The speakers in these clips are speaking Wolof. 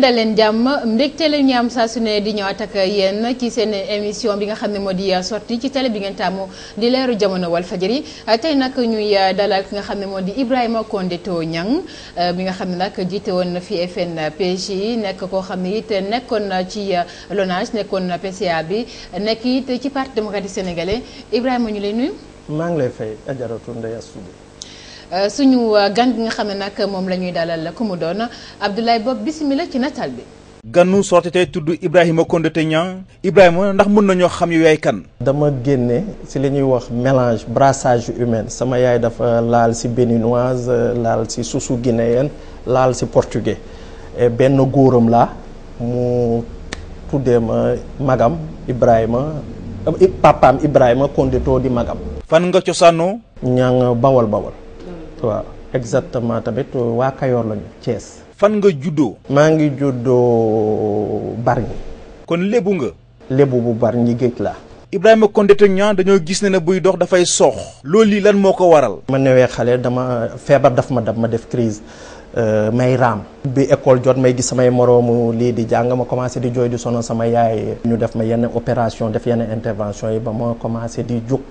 dal leen jàmm mbégte la ñu saa su ne di ñoo ak yéen ci seen émission bi nga xam ne moo di sorti ci télé bi ngeen taamu di leeru jamono Walfadjri tey nag ñuy dalal ki nga xam ne moo di Ibrahima Condetto Niang euh, bi nga xam ne nag jiite woon na fi FNPJ nekk koo xam ne it nekkoon na ci euh, LONASE nekkoon na PCA bi nekk te ci parti démocratique sénégalais Ibrahima ñu lay nuyu. maa ngi lay fay Adjaratou Ndeye Assoubou Euh, suñu euh, gan gi nga xam ne nag moom la ñuy dalal ku mu doon Abdoulaye Bob bisimilah ci nataal bi. gannu sorti tey tudd Ibrahima Condé Niang Ibrahima ndax mën nañoo xam yow yaay kan. dama génne si li ñuy wax mélange brassage humain sama yaay dafa laal si béninoise laal si suusu guinéenne laal si portugais benn góoram la mu tuddee ma magam Ibrahima euh, papaam Ibrahima Condé di magam. fan nga cosaanoo. ñaa nga bawal bawal. waaw exactement tamit waa Kayoor lañu cees fan nga juddoo. maa ngi juddoo Bargny. kon lébu nga. lébu bu bari ñi géej laa. Ibrahima Condé ñaan dañoo gis ne ne buy dox dafay soox. loolu lii lan moo ko waral. ma newee xale dama feebar daf ma dab ma def crise euh, may raam. bi école jot may gis samay moroomu lii di jàng ma commencé di jooy di sono sama yaay. ñu def ma yenn opération def yenn intervention yi ba ma commencé di jóg.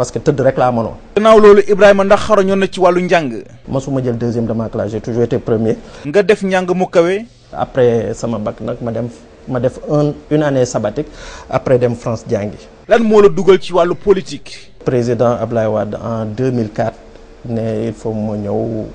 parce que tëdd rek laa mënoon. gannaaw loolu Ibrahima ndax xarañoon na ci wàllu njàng. ma mosuma jël deuxième de ma classe j'ai toujours été premier. nga def njàng mu kawe. après sama bac nag ma dem ma def un une année sabbatique après dem France jàngi. lan moo la dugal ci wàllu politique. président Ablaye Wade en 2004 ne il faut moo ñëw.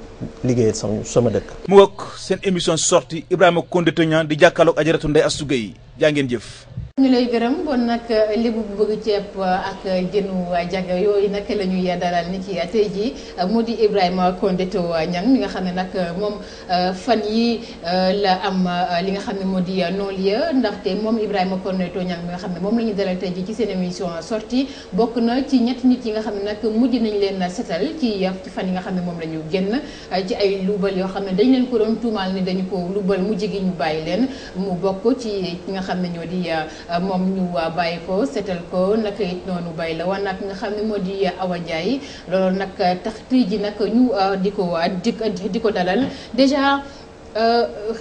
liggéey sama sama dëkk. mu wokk seen émission sortie Ibrahima Condé Teugnane di jàkkaarloog Ajaratu Ndeye Astou Gueye jëf. ñu lay gërëm bon nag lébu bu bëgg ceeb ak jënu jaga yooyu nag lañuy ñuy dalal nit yi tey jii mu di Ibrahima Condetto Niang mi nga xam ne nag moom euh, fan yi euh, la am euh, li nga xam ne moo di non-lieu ndaxte moom Ibrahima Condetto Niang mi nga xam ne moom la ñuy dalal tey jii ci seen émission sorti bokk na ci ñetti nit yi nga xam ne nag mujj nañ leen setal ci ci fan yi nga xam ne moom la ñu génn ci ay lubal yoo xam ne dañ leen ko doon tuumaal ni dañu ko lubal mujj gi ñu bàyyi leen mu bokk ci ñi nga xam ne ñoo di Euh, moom ñu euh, bàyyi ko seetal ko naka it noonu bay la wan ak nga xam ne moo di euh, Awa Ndiaye loolu nag tax tey ji nag ñu di ko di di ko dalal déjà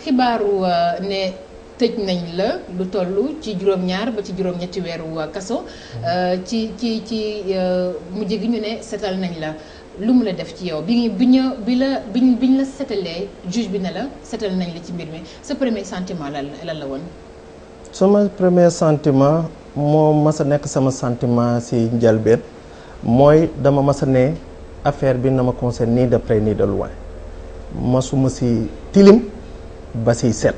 xibaaru ne tëj nañ la lu toll ci juróom-ñaar ba ci juróom-ñetti weeru kaso mm-hmm. ci ci ci mu gi ñu ne seetal nañ la lu mu la def ci yow bi bi ñu bi la biñ biñ la setalee juge bi ne la setal nañ la ci mbir mi sa premier sentiment lan la la woon sama première centiment moo mas a nekk sama sentiment si njëlbeen mooy dama mas a ne affaire bi na ma concerne nii de près nii de loin masuma si tilim ba si set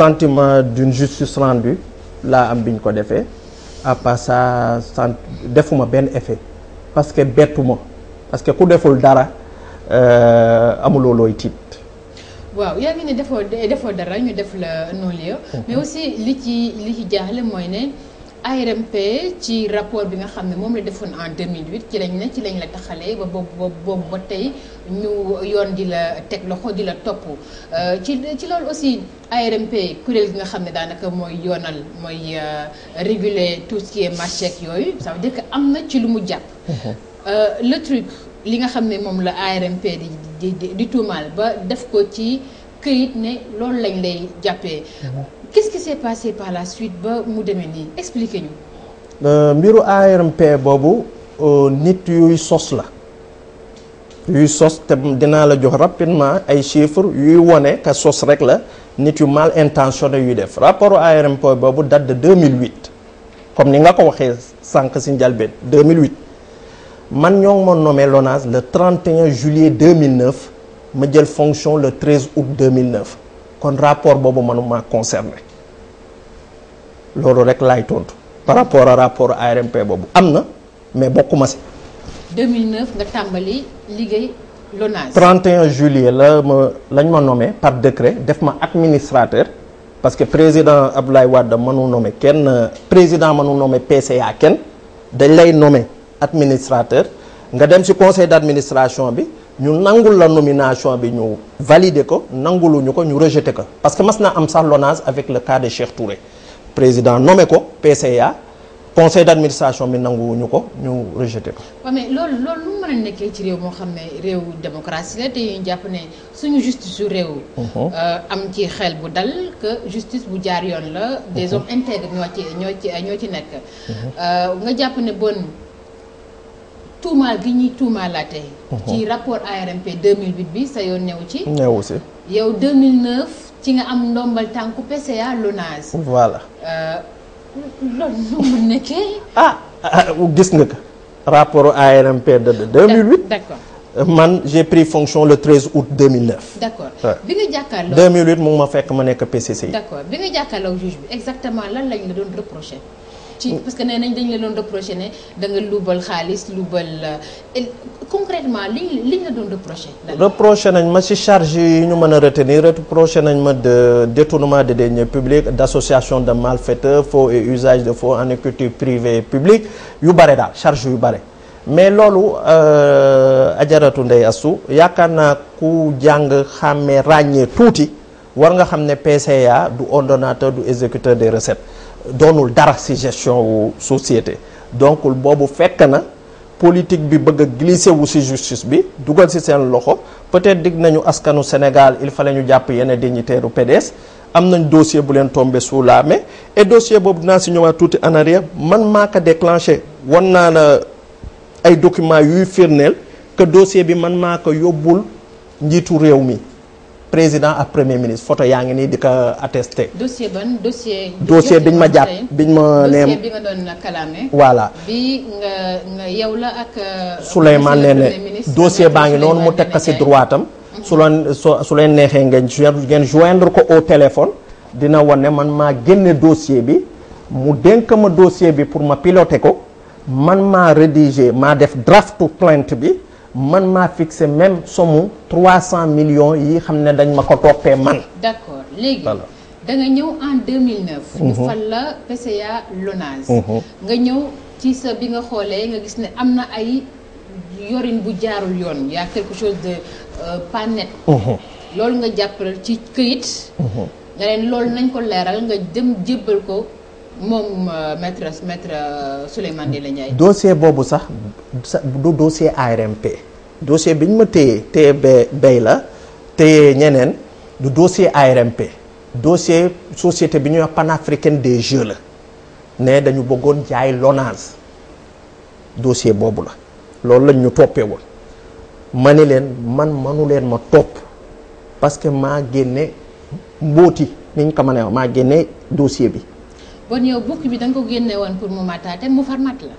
sentiment d'une justice rendue laa am biñ ko defee à part ça sant defuma benn effet parce que bettuma parce que ku deful dara euh, amuloo looy tiit waaw yaa ngi ne defoo defoo dara ñu def la non-lieu mhm. mais aussi li ci li ci jaaxle mooy ne ARMP ci rapport bi nga xam ne moom la defoon en 2008 ci lañ ne ci lañ la taxalee ba boobu boobu ba tey ñu yoon di la teg loxo di la topp euh, ci ci loolu aussi ARMP kuréel gi nga xam ne daanaka mooy yoonal mooy euh, réguler tout ce qui est yooyu ça veut am na ci lu mu jàpp. Mhm. Euh, le li nga xam ne moom la ARMP di. di di tuumaal ba def ko ci këyit ne loolu lañ lay jàppee. Mhm. qu'est-ce qui s'est passé par la suite ba mu demee nii expliquez ñu. Euh, mbiru ARMP boobu euh, nit yuy sos la. yuy sos te dinaa la jox rapidement ay chiffres yuy wone ka sos rek la nit yu mal intentionné yuy def rapport ARMP boobu date de 2008 comme ni nga ko waxee sànq si njëlbeen 2008. man ñoo ngi ma nommé LONASE le 31 juillet 2009 ma jël fonction le 13 août 2009 kon rapport boobu manuma concerné loolu rek laay tontu par rapport a rapport ARMP boobu am na mais bokkuma si. 2009 nga tàmbali liggéey LONASE. 31 la ma lañ ma nommé par décret def ma administrateur parce que président Abdoulaye Wade mënu nommé kenn président mënu nommé PCA kenn dañ lay nommé. administrateur nga dem ci conseil d'administration bi ñu nangul la nomination bi ñu valider ko nanguluñu ko ñu rejeter ko parce que mas na am sax l'ONAS avec le cas de Cheikh Touré président nommé ko PCA conseil d'administration bi nanguwuñu ko ñu rejeter ko. waaw mais loolu loolu lu mën a nekkee ci réew moo xam ne réew démocratie la te ñu jàpp ne suñu justice su réew. Mhm. Euh, am ci xel bu dal que justice bu jaar yoon la. des mhm. hommes intègres ñoo ci ñoo ci ñoo ci nekk. Mhm. Euh, nga jàpp tuumaal gi ñuy tuumaalaatee. Uh-huh. ci rapport ARMP 2008 bi sa yoon new ci. newu si yow 2009 ci nga am ndombal tànku PCA LONASE. voilà. Euh, loolu nu mu nekkee. Ah, ah gis nga ko rapport ARMP de 2008. d'accord man j'ai pris fonction le 13 août 2009. d'accord bi nga jàkkaarloo. 2008 mu ma fekk ma nekk PCCI. d'accord bi nga jàkkaarloo juge bi exactement lan lañ la doon reproché. ci parce que nee nañ dañ la doon reproché ne da nga xaalis luubal euh, concrètement liñ la doon reproché. reproché nañ ma ci charge yi ñu mën a retenir reproché nañ ma de détournement de deniers publics d' association de malfaiteurs faux et usage de faux en écriture privée publique yu bare daal charge yu bare. mais loolu euh, ajaratu ndey astu yaakaar naa ku jàng xàmmee ràññee tuuti war nga xam ne PCA du ordonateur du exécuteur des recettes doonul dara ci gestion wu société donc boobu fekk na politique bi bëgg a wu ci justice bi dugal ci seen loxo peut-être dig nañu askanu Sénégal il fallait ñu jàpp yenn dignitaire u PDS am nañ dossier bu leen tombé sous la main et dossier boobu dinaa si ñëwaat tuuti en arrière man maa ko déclanché wan naa la ay documents yuy firndeel que dossier bi man maa ko yóbbul njiitu réew mi président ak premier ministre photo yaa ngi nii di ko attesté. dossier ban dossier. biñ ma jàpp biñ ma nee. voilà bi nga nga yow la ak. Euh, Souleymane Ndéné baa ngi noonu mu teg ko si droitam. Mhm. su su leen neexee ngeen ngeen joindre ko au téléphone. dina ne man maa génne dossier bi mu dénk ma dossier bi pour ma piloter ko man maa rédiger maa def draftu plainte bi. man ma fixé même trois 300 millions yi xam ne dañ ma ko toppee man. d'accord léegi. voilà da nga ñëw en 2009. Mhm. ñu fal la PCA Lonase. Mhm. nga ñëw ci sa bi nga xoolee nga gis ne am na ay yorin bu jaarul yoon y a quelque chose de euh, pas mhm. loolu nga jàppal ci këyit. nga leen loolu nañ ko leeral nga dem jébbal ko. moom euh, maître maître euh, Souleymane Ndéla Ndiaye. dossier boobu sax du dossier ARMP. dossier bi ñu ma téye téye bay la téye ñeneen du dossier ARMP. dossier société bi ñuy wax panafricaine des jeux la ne dañu bëggoon jaay Lonase dossier boobu la loolu lañ ñu toppee woon ma ni leen man manu leen ma topp parce que maa génne mbóoti ni ñu ko ne maa génne dossier bi. bon yow bukk bi da ko génne woon pour mu màttaate mu far màtt la.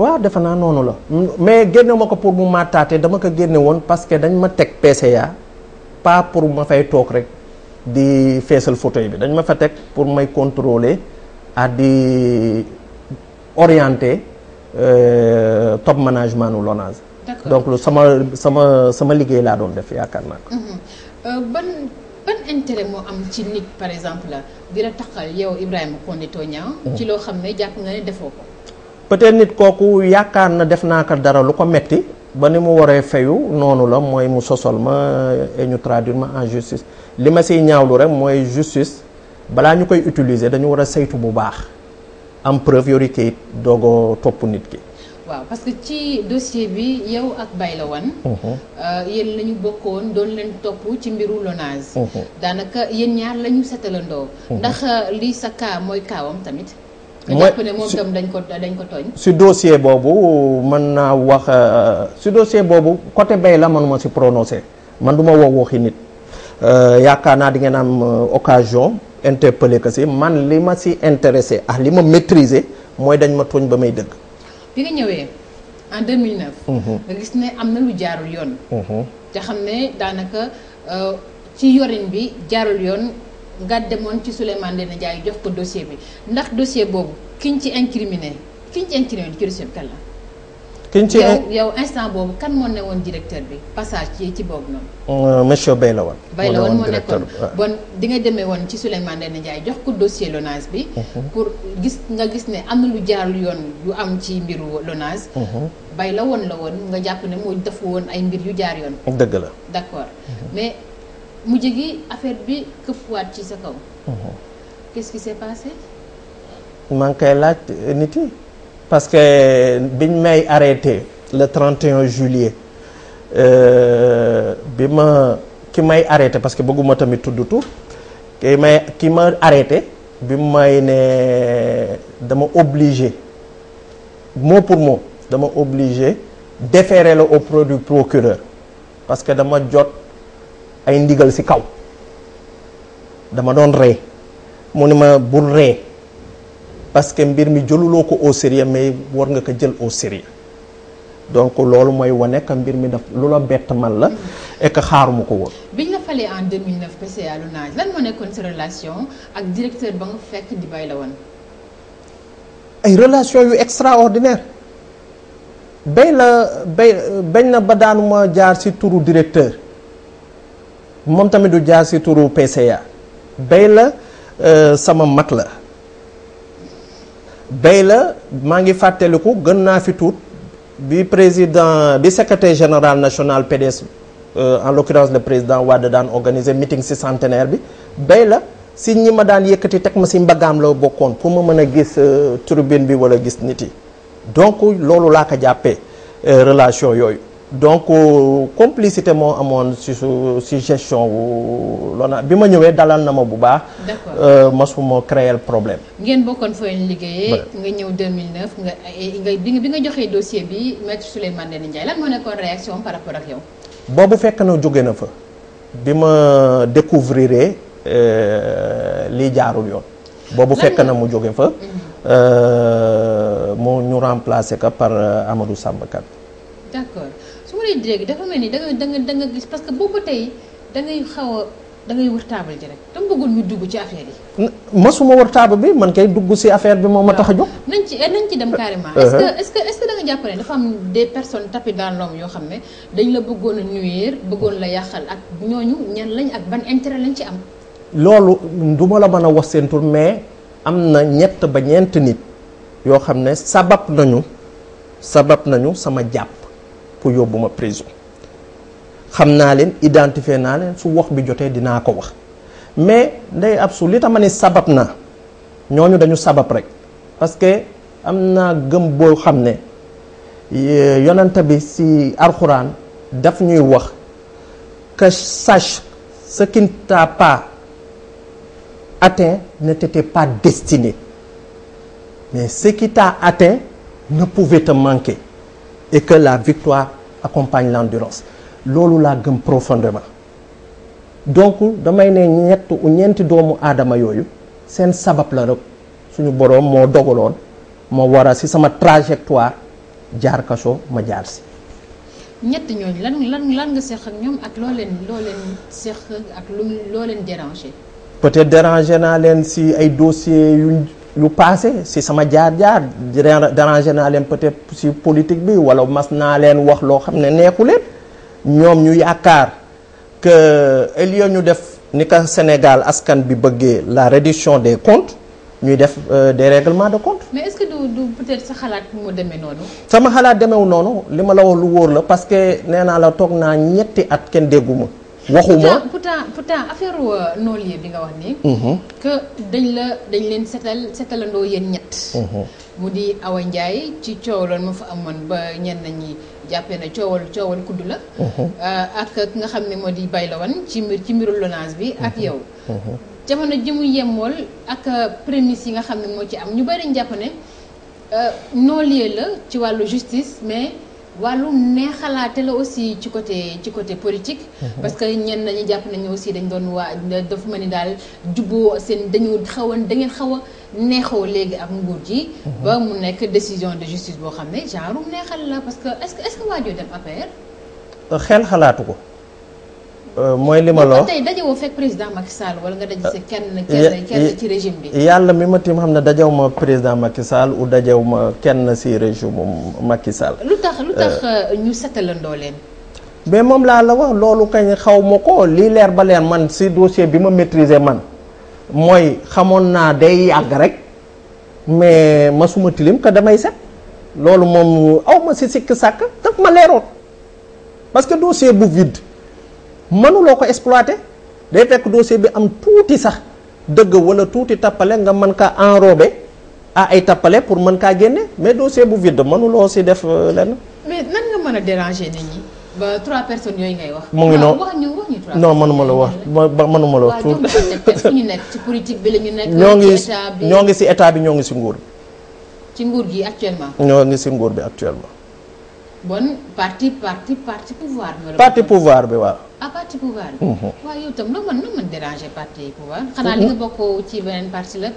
waaw defe naa noonu la mais génne ma ko pour mu màttaate dama ko génne woon parce que dañ ma teg PCA pas pour ma fay toog rek di feesal fauteuil bi dañ ma fa teg pour may contrôler à di orienter euh, top management nu LONASE. donc sama sama sama liggéey laa doon def yaakaar naa ko. Mhm. Euh, ban intérêt moo am ci nit par exemple di la taxal yow Ibrahima Koné Niang oh. ci loo xam ne jàpp nga ne defoo ko. peut-être nit kooku yaakaar na def naa ko dara lu ko metti ba ni mu waree fayu noonu la mooy mu sosol ma et ñu traduire ma en justice li ma siy ñaawlu rek mooy justice balaa ñu koy utiliser dañu war a saytu bu baax am preuve yori kayit doog topp nit ki. waaw parce que ci dossier bi yow ak Baylawan. Uh-huh. Euh, yéen la ñu bokkoon doon leen topp ci mbiru Lonase. Uh-huh. daanaka yéen ñaar la ñu setalandoo. Uh-huh. ndax euh, lii sa kaa mooy kaawam tamit. mooy jàpp ne dañ ko dañ ko tooñ. si dossier boobu mën naa wax euh, si dossier boobu côté bay la man ma si prononcé man du ma wax waxi nit. yaakaar naa di ngeen am occasion interpeller que si man li ma si intéressé ah li ma maîtriser mooy dañ ma tooñ ba may dëgg. bi nga ñëwee en 2009. Mhm. nga gis ne am na lu jaarul yoon. Mhm. te xam ne daanaka euh, ci yorin bi jaarul yoon nga demoon ci Souleymane jaay Ndiaye jox ko dossier bi ndax dossier boobu kiñ ci incriminé kiñ ci incriminé ci dossier bi kan la. kiñ ci yow instant boobu kan moo ne woon directeur bi passage ci ci boobu noonu. Euh, monsieur Bay la woon. Bay la woon moo nekkoon bon di nga demee woon ci Souleymane Ndéné Ndiaye jox ko dossier Lonase bi. Mhm. pour gis nga gis ne am na lu jaarul yoon yu am ci mbiru Lonase. Mhm. Bay la woon la woon nga jàpp ne moo def woon ay mbir yu jaar yoon. dëgg la d'accord mhm. mais mujj gi affaire bi këppuwaat ci sa kaw. qu'est-ce qui s'est passé. laaj nit yi. parce que biñ may arrêté le 31 juillet euh, bi ma ki may arrêté parce que bëgguma tamit tudd tur ki may ki ma arrêté bi mu may ne dama obliger mot pour mot dama obliger déférer la auprès du procureur parce que dama jot ay ndigal si kaw dama doon rey mu ne ma bul ree parce que mbir mi jëluloo ko au sérieux mais war nga ko jël au sérieux donc loolu mooy wane que mbir mi daf lu la bett man la mm-hmm. et xaaruma ko woon. biñ la falee en 2009 PCA lan moo nekkoon sa relation ak directeur ba nga fekk di bay la woon. ay relation yu extraordinaire bay la bay bañ na ba daanuma jaar si turu directeur moom tamit du jaar ci turu PCA bay la euh, sama mag la. bay la maa ngi fàttaliku gën naa fi tuut bi président bi secretaire général national PDS euh, en l'occurrence le président Wade daan organiser meeting ci centenaire bi bay la si ñi ma daan yëkkati teg ma si mbaggaam la bokkoon pour ma mën a gis euh, tribune bi wala gis nit yi donc loolu laa ko jàppee euh, relation yooyu donc euh, complicité moo amoon si su su gestion wu loona bi ma ñëwee dalal na ma bu baax. d'accord euh, masuma créer problème. ngeen bokkoon fooy nga ñëw 2009 nga nga bi nga joxee dossier bi maître Souleymane moo nekkoon réaction boobu fekk na jóge na fa. bi ma découvrir euh, li jaarul yoon. boobu fekk na mu jóge fa. Mhm. mu ñu remplacer ko par Amadou Samba Kane. d'accord. muy dégg dafa mel ni da nga da nga gis parce que boobu tey da ngay xaw a da ngay taabal ji rek dama bëggul ñu dugg ci affaire yi. masuma wër taabal bi man kay dugg si affaire bi moom ma tax a jóg. nañ ci eh, nañ dem carrément. Uh-huh. est-ce que est-ce que est da jàpp ne dafa am des personne tapis dans yoo xam ne dañ la bëggoon a nuyeer bëggoon la yàqal ak ñooñu ñan lañ ak ban intérêt lañ ci am. loolu du ma la mën a wax seen tur mais am na ñett ba ñeent nit yoo xam ne sabab nañu sabab nañu sama jàpp. pour yóbbu ma prison xam naa leen identifier naa leen su wax bi jotee dinaa ko wax mais Ndeye Absou li tax ma ne sabab naa ñooñu dañu sabab rek parce que am naa gëm boo xam ne yonante bi ci alxuraan daf ñuy wax que sache ce qui ne t'a pas atteint ne t'était pas destiné mais ce qui t'a atteint ne manquer et que la victoire accompagne l'endurance loolu laa gëm profondément donc damay ne ñett ñeenti doomu aadama yooyu seen sabab la rek suñu boroom moo dogaloon ma war a si sama trajectoire jaar kaso ma jaar si. ñett ñooñu lan lan nga seq ñoom ak loo leen loo ak lu loo peut-être déranger naa leen si ay dossiers yu. lu passé si sama jaar-jaar dérangé naa leen peut-être politique bi wala mas naa leen wax loo xam ne neexu leen ñoom ñu yaakaar que elio ñu def ni ko Sénégal askan bi bëggee la réduction des comptes ñuy def euh, des règlements de compte. mais est du du peut sa xalaat mu demee noonu. sama xalaat demewu noonu li ma la wax lu wóor la parce que nee naa la toog naa ñetti at kenn dégguma waxuma pourtant pourtant affaire euh, non-lieu bi nga wax nii. Mm-hmm. que dañ la dañ leen setal setalandoo yéen ñett. Mm-hmm. mu di Awa Ndiaye ci coow loolu ma fa amoon ba ñenn ñi jàppee na coowal coowal kudd la. Mm-hmm. Euh, ak ki nga xam ne moo di baylawan ci mbir ci mbiru Lonase bi ak yow. jamono ji mu yemool ak euh, prémices yi nga xam ne moo ci am ñu bari ñu jàpp ne la ci wàllu justice mais. wàllum neexalaate la aussi ci côté ci côté politique. Mhm. parce que ñenn ñi jàpp nañu aussi dañ doon waa dafa ma ni daal jubboo seen dañu xawoon da ngeen xaw a neexoo léegi ak nguur ji. Mhm. ba mu nekk décision de justice boo xam ne genre neexal la parce que est-ce est que waajoo dem affaire xel xalaatu ko. Euh, mooy li ma loo tey dajewoo fekk président Macky Sall nga daje si kenn euh, kenn ci régime bi. yàlla mi ma tim xam ne dajew ma président Macky u ou dajew ma kenn si régime Macky Sall. lu tax lu euh, ñu setalandoo leen. mais moom laa la loolu kañ xaw ma ko lii ba leer man si bi ma maîtriser man mooy xamoon naa day yàgg rek mais ma suma tilim que damay set loolu moom aw ma si sikk sàkk daf ma leeroon parce que bu vide. mënuloo ko exploiter day fekk dossier bi am tuuti sax dëgg wala tuuti tappale nga mën kaa enrober ah ay tappale pour mën kaa génne mais dossier bu vide mënuloo si def euh, lenn. mais nan nga mën a déranger nit ñi yooyu ngay wax. mu ngi noonu wax ñu wax la wax ba mënuma la wax. waaw ñu nekk ci politique bi la ñu nekk. ñoo ngi ñoo ngi si état bi ñoo ngi si nguur bi. ci nguur gi actuellement. ñoo ngi si nguur bi actuellement. bon parti parti parti pouvoir. bi waa ah parti pouvoir bi. waaye loo mën na mën déranger parti pouvoir. xanaa li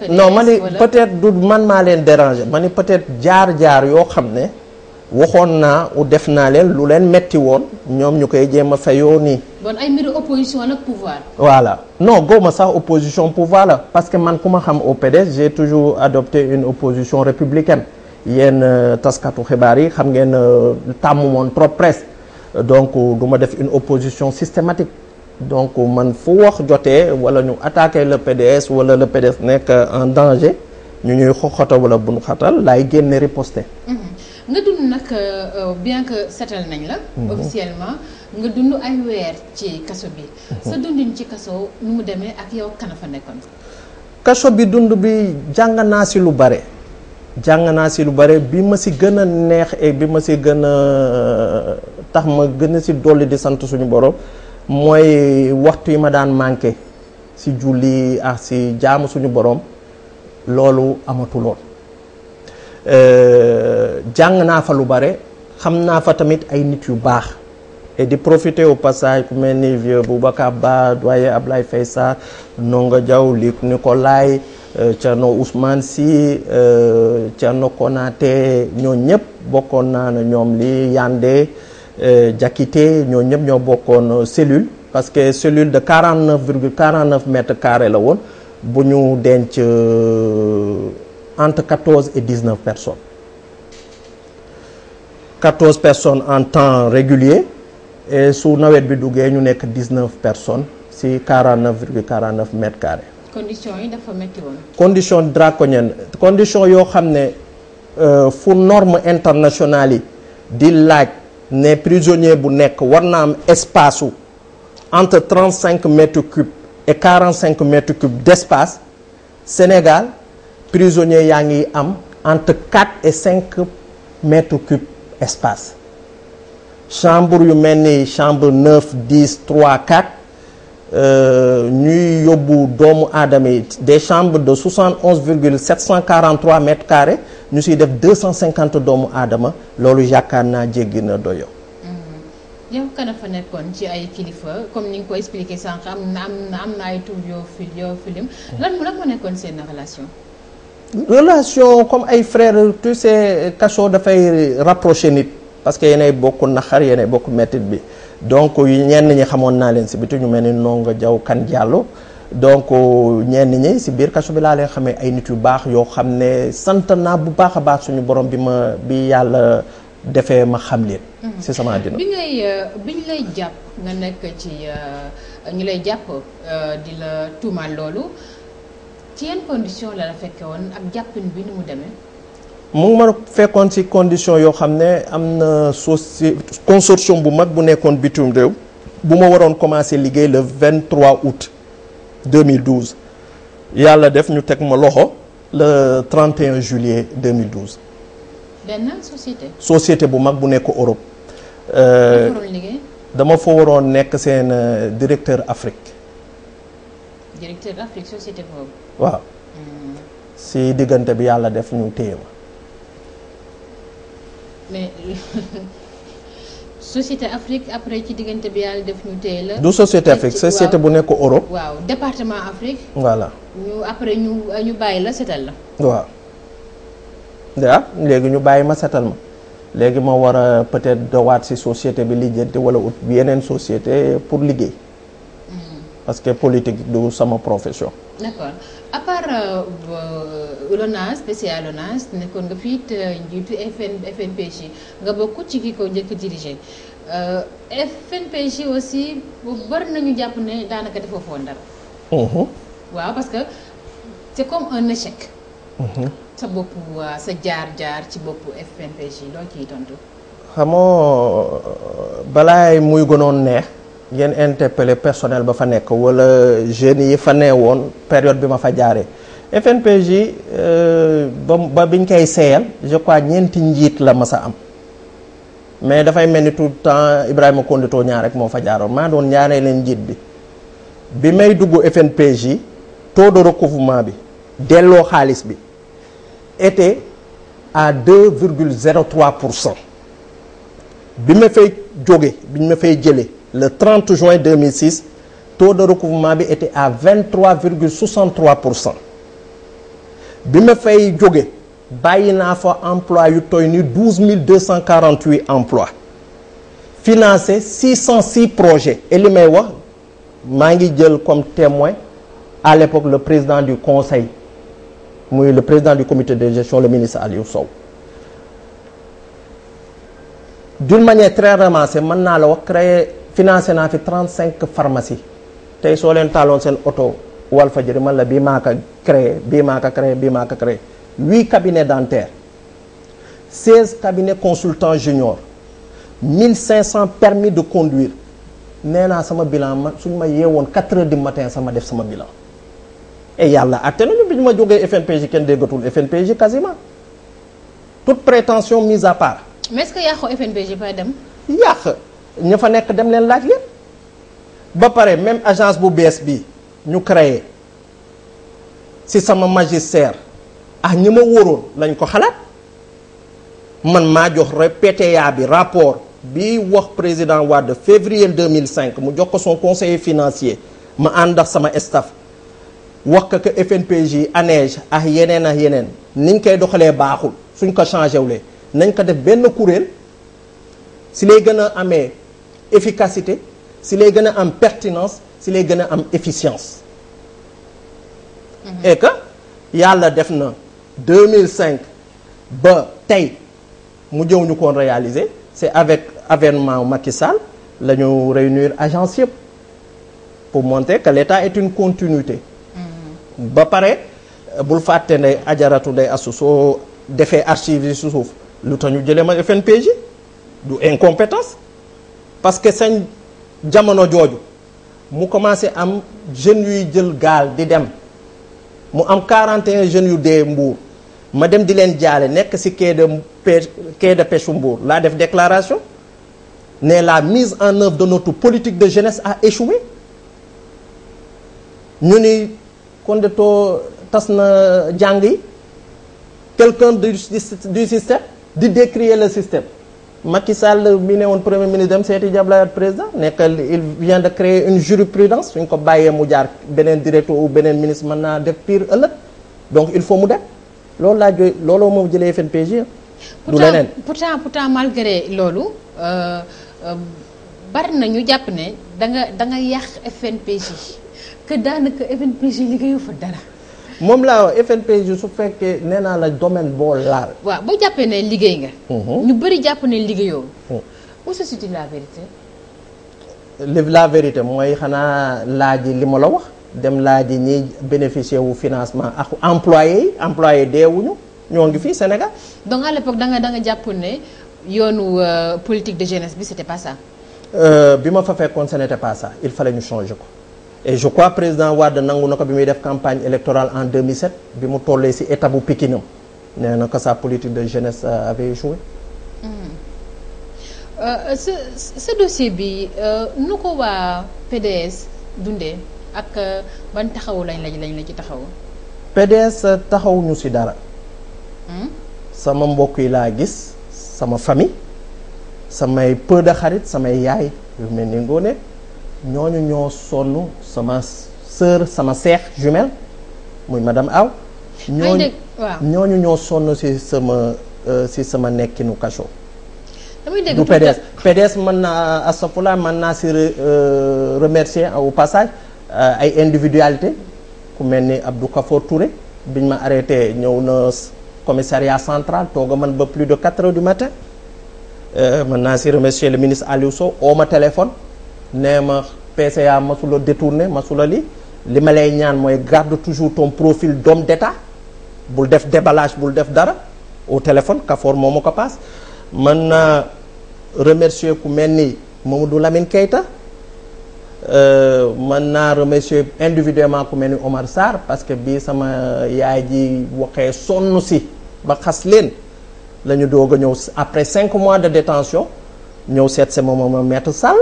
nga ma ni peut-être du man maa leen déranger ma ni peut-être jaar-jaar yoo xam ne waxoon naa u def naa leen lu leen metti woon ñoom ñu koy jéem a fayoo nii. bon ay mbiru opposition la sax opposition pouvoir la parce que man ku ma xam au PDS j'ai toujours adopté une opposition républicaine yéen euh, taskatu xibaar yi xam ngeen euh, tàmm woon trop presse. donc du def une opposition systématique donc man fu wax jotee wala ñu attaquer le PDS wala le PDS nekk en danger ñu ñuy xoxota wala buñ xatal laay génne riposter mhm. nga dund nag euh, euh, bien que setal nañ la. Mhm. officiellement nga dund ay weer ci kaso bi. Mhm. sa dundin ci kaso nu mu demee ak yow kana nekkoon. kaso bi dund bi jàng naa si lu bare. jàng naa si lu bare bi ma si gën a neex bi ma si gën a. tax ma gën a si dolli di sant suñu borom mooy waxtu yi ma daan manqué si julli ak si jaamu suñu borom loolu amatuloon euh, jàng naa fa lu bare xam naa fa tamit ay nit yu baax et di profiter au passage ku mel ni vieux Boubacar Ba doyen Ablaye Faye Sarr Ndongo Diaw Luc Nicolaï euh, Thierno Ousmane si euh, Thierno Konaté ñoo ñëpp bokkoon naa na ñoom li Yandé Diakité euh, ñoo ñëpp ñoo bokkoon euh, cellule parce que cellule de 49 virgule 49 mètres carrés la woon bu ñu denc euh, entre 14 et 19 personnes 14 personnes en temps régulier et su nawet bi duggee ñu nekk 19 personnes si 49 virgule 49 mètres carrés. conditions conditions yoo xam ne fu norme internationale yi di laaj. ne prisonnier bu nekk war na am espace entre trente cinq mètres cubes et quarante cinq mètres cubes d' espace Sénégal prisonnier yaa ngi am entre quatre et cinq mètres cubes espace chambre yu mel ni chambre neuf dix trois quatre. Euh, ñuy yóbbu doomu aadama yi des chambres de 71 virgule 743 mètres carrés ñu si def 250 doomu aadama loolu yàkkaar naa jéggi na doyo mm-hmm. yow kana fa nekkoon ci ay kilifa comme ni nga ko expliqué sànq xam na am na am ay tur yoo film lan lan moo nekkoon seen relation relation comme ay frères tu sais cachot dafay rapproché nit parce que yeenay bokk naxar yeenay bokk mettit bi donc ñenn ñi xamoon naa leen si biti ñu mel ni Ndongo Diaw Kane Diallo donc ñenn ñi si biir kaso bi laa leen xamee ay nit yu baax yoo xam ne sant naa bu baax a baax suñu borom bi ma bi yàlla defee ma xam leen. Mhm. si sama àddina bi ngay euh, bi ñu lay jàpp nga nekk ci euh, ñu lay jàpp euh, di la tuumaal loolu ci yenn condition la la fekke woon ak jàppin bi ni mu demee. mu ngi ma fekkoon ci condition yoo xam ne am na soci consortium bu mag bu nekkoon bitim réew bu ma waroon commencer liggéey le 23 août 2012 yàlla def ñu teg ma loxo le 31 juillet 2012. benn société. société bu mag bu nekk Europe. dama euh, fa waroon nekk seen euh, directeur Afrique. directeur boobu. waaw hmm. si diggante bi yàlla def ñu téye ma. mais euh, Afrique après ci diggante bi yàlla def ñu téye la. du société Afrique société bu nekk Europe. waaw département Afrique. voilà ñu après ñu ñu bàyyi la setal la. waaw. waaw léegi ñu bàyyi ma setal ma léegi ma war a peut-être dowaat ci société bi lijjanti walla ut yeneen société pour liggéey. Mm-hmm. parce que politique du sama profession. à part LONASE PCA LONASE nekkoon nga fiit euh, njiitu FN FNPJ nga bokk ci ki ko njëkk dirigé euh, FNPJ aussi bu bari nañu jàpp ne daanaka dafa foon dara. waaw parce que te comme un échec. sa bopp sa jaar-jaar ci bopp FNPJ loo ci tontu. xamoo euh, balaay muy gënoon neex. ngeen interpellé personnel ba fa nekk wala jeunes yi fa nee woon période bi ma fa jaaree FNPJ euh, ba ba biñ koy seeyal je crois ñeenti njiit la ma sa am mais dafay mel ni tout le temps Ibrahima Condito ñaar rek moo fa jaaroon maa doon ñaaree leen njiit bi bi may dugg FNPJ taux de recouvrement bi delloo xaalis bi était à 2,03 pour cent bi ma fay jóge bi ma fay jëlee le 30 juin 2006 taux de recouvrement bi était à 23,63 pour cent bi ma fay jóge bàyyi naa fa emploi yu toy ni 12 248 emplois financé 606 projets et li may wax maa ngi jël comme témoin à l'époque le président du conseil muy le président du comité de gestion le ministre Aliou Sow d'une manière très ramassée mën naa la wax créer financé naa fi cinq pharmacie tey soo leen taaloon seen oto Walfadjri man la bii maa ko créé bii maa ko créé bii maa ko créé 8 cabinets dentaires 16 cabinets consultants juniors 1500 permis de conduire nee naa sama bilan ma suñ ma yeewoon 4 heures du matin sama def sama bilan et yàlla atte nañu bi ñu ma jógee FNPJ kenn déggatul FNPJ quasiment toute prétention mise à part. mais est-ce que yàqu FNPJ bay dem. yàq. ña fa nekk dem leen laaj leen ba pare même agence bu bees bi ñu créé si sama magistère ak ah, ñi ma wóoroon lañ ko xalaat man maa jox PTA bi rapport bi wax président Wade février 2005 mu jox ko son conseiller financier ma ànd ak sama staff wax ko que FNPJ ANEJ ak ah, yeneen ak yeneen niñ koy doxalee baaxul suñ ko changé wulee nañ ko def benn kuréel si lay gën a amee. efficacité si lay gën a am pertinence si lay gën a am efficience mm-hmm. et que yàlla def na 2005 ba tey mu jëw ñu koon réaliser c'est avec avénement Macky Sall la ñu agence yëpp pour monte que l'État est une continuité mm-hmm. ba pare bul fàtte nday ajaratu nday asu soo defee archives yi su suuf lu tax ñu jëlee ma FNPJ du incompétence parce que sañ jamono jooju mu commencé am jeunes yuy jël gaal di dem mu am 41 jeunes yu dee Mbour ma dem di leen jaale nekk si quai de pêche quai de pêche Mbour laa def déclaration ne la mise en œuvre de notre politique de jeunesse a échoué ñu ni Condétoo tas na jàng yi quelqu'un du du système di décrier le système Macky Sall mi woon premier ministre dem seeti jablayaat président nekkal il vient de créer une jurisprudence suñ ko bàyyee mu jaar beneen directeur ou beneen ministre mën naa def pire ëllëg donc il faut mu def loolu laa jooy looloo moom jëlee FNPJ du leneen pourtant pourtant malgré loolu euh, euh, bari na ñu jàpp ne da nga da nga yàq FNPJ que daanaka FNPJ liggéeyu fa dara moom laa fnp FNPJ su fekkee nee naa la domaine boo laal. waaw boo jàppee ne liggéey nga. Mhm. ñu bëri jàpp ne liggéeyoo. Mhm. où se la vérité. la vérité mooy xanaa laaj li ma la wax dem laaj yi ñiy bénéficier wu financement ak employé yi employé deewuñu ñoo ngi fii Sénégal. donc à l'époque da nga da nga jàpp ne yoonu euh, politique de jeunesse bi c'était pas ça. Euh, bi ma fa fekkoon ce n'était pas ça il fallait ñu changer ko. et je crois président Wade nangu na ko bi muy def campagne électorale en 2007 bi mu tollee ci état bu pikinam nee na que sa politique de jeunesse euh, avait échoué. Hmm. Euh, ce ce dossier bi euh, nu ko waa PDS dundee ak ban taxawu lañ lañ lañ la ci taxawu. PDS taxawuñu ci dara. Hmm? sama mbokk yi laa gis sama famille samay peu de xarit samay yaay yu mel ni ngoone ñooñu ñoo sonn sama sœur sama seex jumelle muy madame Aw. ñooñu ñooñu ñoo sonn si sama euh, si sama nekkinu kaso. damay dégg du PDS PDS mën naa astafurlah mën naa si euh, remercier au passage euh, ay individualité ku mel ni Abdou Kafour Touré biñ ma arrêté ñëw na commissariat central tooga man ba plus de quatre heures du matin mën naa si remercier le ministre Aliou Sow oo ma téléphone. nee ma PCA masula détourné masula li li ma lay ñaan mooy garde toujours ton profil d'homme d'état bul def déballage bul def dara au téléphone Kafoor moom ma ko paas mën naa remercier ku mel ni moom Mamadou Lamine Keita euh, mën naa remercier individuellement ku mel ni Omar Sarr parce que bii sama yaay ji waxee sonn si ba xas leen lañu doog a ñëw après cinq mois de détention ñëw seet sama maman maître Sall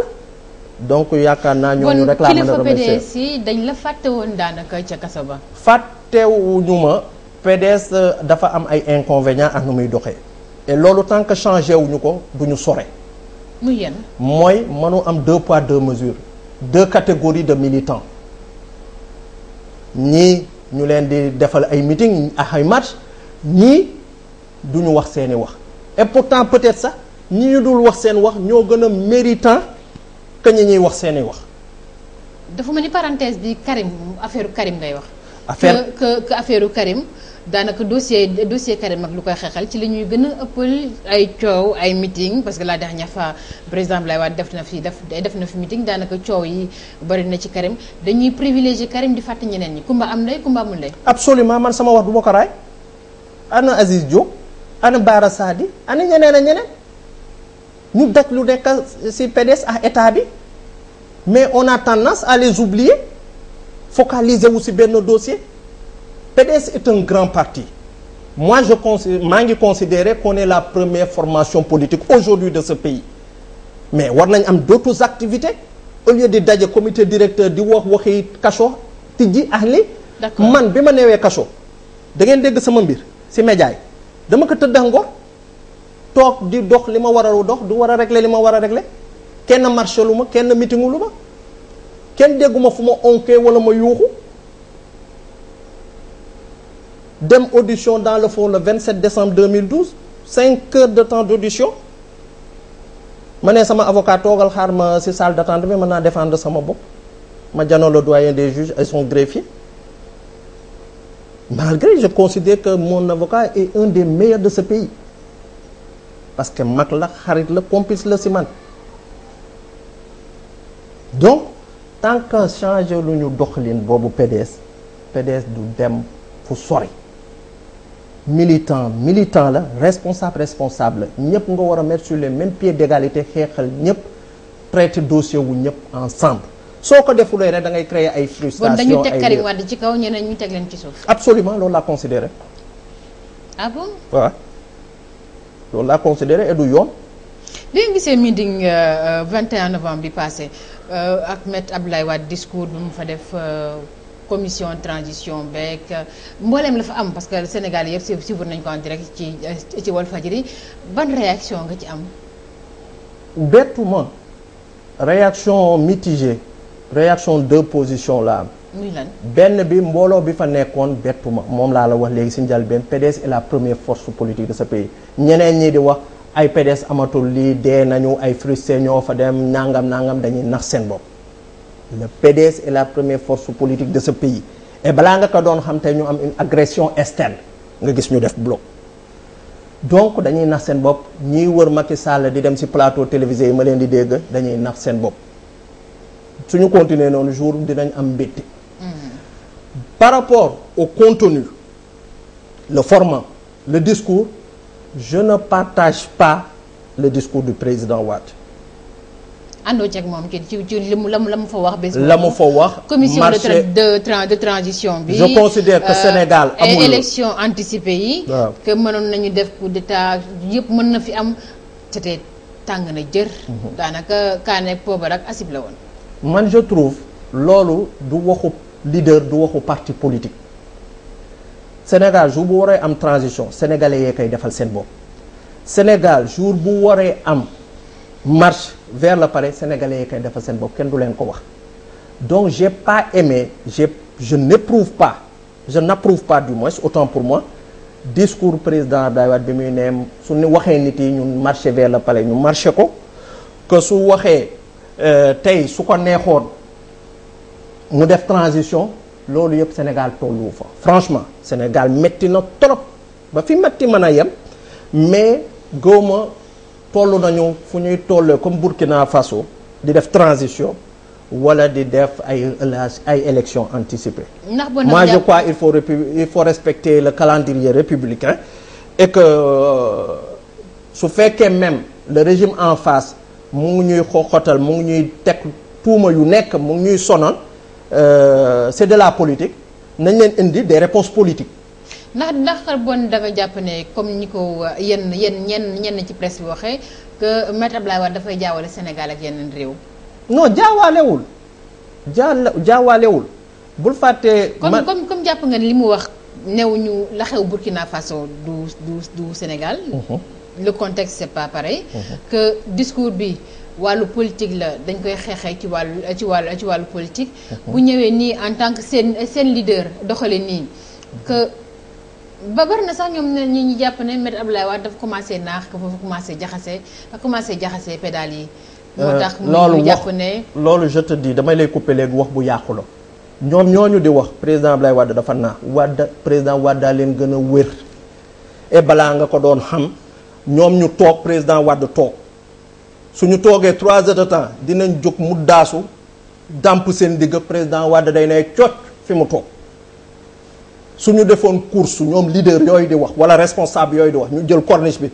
donc yaakaar naa ñooñu rek laa mën a remercier PDS dañ la fàtte woon daanaka ca kaso ba. fàttewuñu ma PDS euh, dafa am ay inconvénients ak nu muy doxee et loolu tant que changé wuñu ko du ñu sore. mu yéen mooy mënu am deux poids deux mesures deux catégories de militants ñii ñu leen di defal ay meeting ak ay match ñii du ñu wax seeni wax et pourtant peut-être sax ñi ñu dul wax seen wax ñoo gën a méritant. que ñi ñuy wax seeni wax. dafa mel ni parenthèse bi Karim affaire Karim ngay wax. affaire que que affaire Karim daanaka dossier dossier Karim ak lu koy xeexal ci la ñuy gën a ëppal ay coow ay meeting parce que la dernière fa président Abdoulaye Wade def na fi def def na fi meeting daanaka coow yi bari na ci Karim dañuy privilégier Karim di fàtte ñeneen ñi kumba am ndey kumba amul ndey. absolument man sama wax du ma ko raay ana Aziz Diop ana Bara Sadi ñeneen ak ñeneen. ñu daj lu nekk ci PDS ak état bi mais on a tendance à les oublier focaliser wu ci benn dossier PDS est un grand parti moi je considère maa ngi considérer qu'on la première formation politique aujourd'hui de ce pays mais war nañ am d'autres activités au lieu di daje comité directeur di wax waxi kaso tijji ak li man bi ma newee kaso da ngeen dégg sama mbir ci média yi dama ko tëddax ngor toog di dox li ma war a dox du war a régler li ma war a régler kenn marché lu ma kenn meetingu lu ma kenn dégguma fu ma onkee wala ma yuuxu dem audition dans le fond le 27 décembre 2012 cinq heures de temps d' audition ma ne sama avocat toogal xaar ma ci salle d' attente bi mën naa défendre sama bopp ma janoo le doyen des juges et son greffier malgré je considère que mon avocat est un des meilleurs de ce pays parce que mag la xarit la complice la si man donc tant que changé lu ñu doxalin boobu PDS PDS du dem fu sori militant militant la responsable responsable la ñëpp nga war a mettre sur les mêmes d'égalité xeexal ñëpp traité dossier wu ñëpp ensemble soo ko defulee rek da ngay créer ay frustration ay ci kaw ñeneen ñu teg leen ci suuf. absolument loolu laa considéré. ah la laa considéré et du yoon. bi nga gisee meeting 21 euh, euh, novembre bi passé euh, ak maître Abdoulaye Wade discours bi mu fa def commission transition beeg mbooleem la fa am parce que Sénégal yëpp si suivre nañ ko en direct ci ci Walfadjri ban réaction nga ci am. bettuma réaction mitigée réaction de positions la am. muy benn bi mbooloo bi fa nekkoon bettuma moom laa la wax léegi si njëlbéen PDS et la première force politique de ce pays ñeneen ñi di wax ay PDS amatul lii dee nañu ay frustré ñoo fa dem nangam nangam dañuy nax seen bopp le et la première force politique de ce pays balaa nga ko doon xam te ñu am une agression externe nga gis ñu def bloc donc dañuy nax seen bopp ñiy wër Macky Sall di dem si plateau télévisé yi ma leen di dégg dañuy nax seen bopp suñu continuer noonu jour dinañ am mbétti Par rapport au contenu, le format, le discours, je ne partage pas le discours du président Wade. àndoo ceeg moom ci ci ci li mu la mu fa wax. la mu fa wax commission de de de transition bi. je considère que euh, Sénégal amul élection anticipée yi. que mënoon nañu def coup d'état yëpp mën na fi am c'était tàng na jër. Mhm. daanaka kaane poobar ak asib la woon. man je trouve loolu du waxu. leader du waxu parti politique Sénégal jour bu waree am transition sénégalais yee koy defal seen bopp Sénégal jour bu waree am marche vers la palais sénégalais yee koy defal seen bopp kenn du leen ko wax donc j'ai pas aimé j'ai je n'éprouve pas je n'approuve pas du moins autant pour moi discours président Abdoulaye Wade bi muy ne su ñu waxee nit yi ñun marché vers le palais ñu marché ko que su waxee euh, tey su ko neexoon. mu def transition loolu yëpp Sénégal tolluwu fa franchement Sénégal métti na trop ba fi métti mën a yem mais góoma toll nañu fu ñuy tollee comme Burkina Faso di def transition wala di def ay ay élections anticipées. ndax moi je crois il faut il faut respecter le calendrier républicain et que euh, su fekkee même le régime en face mu ngi ñuy xoxotal mu ngi ñuy teg tuuma yu nekk mu ngi ñuy sonal. Euh, c'est de la politique nañ leen indi des réponses politiques. ndax ndax bon dafay jàpp ne comme ñi ko euh, yenn yenn ñenn ñenn ci presse bi waxee que maître Abdoulaye dafay jaawale Sénégal ak yeneen réew. non jaawaalewul jaa jaawaalewul bul fàtte. man comme comme jàpp nga li mu wax new ñu la xew Burkina Faso du du du Sénégal. Mhm. le contexte c'est pas pareil. Mhm. que discours bi. wàllu politique la dañ koy xeexee ci wàllu ci wàllu ci wàllu politique. bu ñëwee nii en tant que seen seen leader doxale nii que ba bari na sax ñoom ñi ñu jàpp ne Maître Abdoulaye Wade dafa commencé naax dafa commencé jaxase dafa commencé jaxase pédale yi. Euh, moo tax mu jàpp ne loolu je di damay lay couper léegi wax bu yàqu la ñoo ñu di wax président Abdoulaye Wade dafa naax wàdd président wàdd daa leen gën a wér. et nga ko doon xam ñoom ñu toog président Wade toog. su ñu toogee trois heures de temps dinañ jóg mu daasu dàmp seen digg président Wade day ne cooc fi mu toog suñu defoon course ñoom leader yooyu di wax wala responsable yooyu di wax ñu jël corniche bi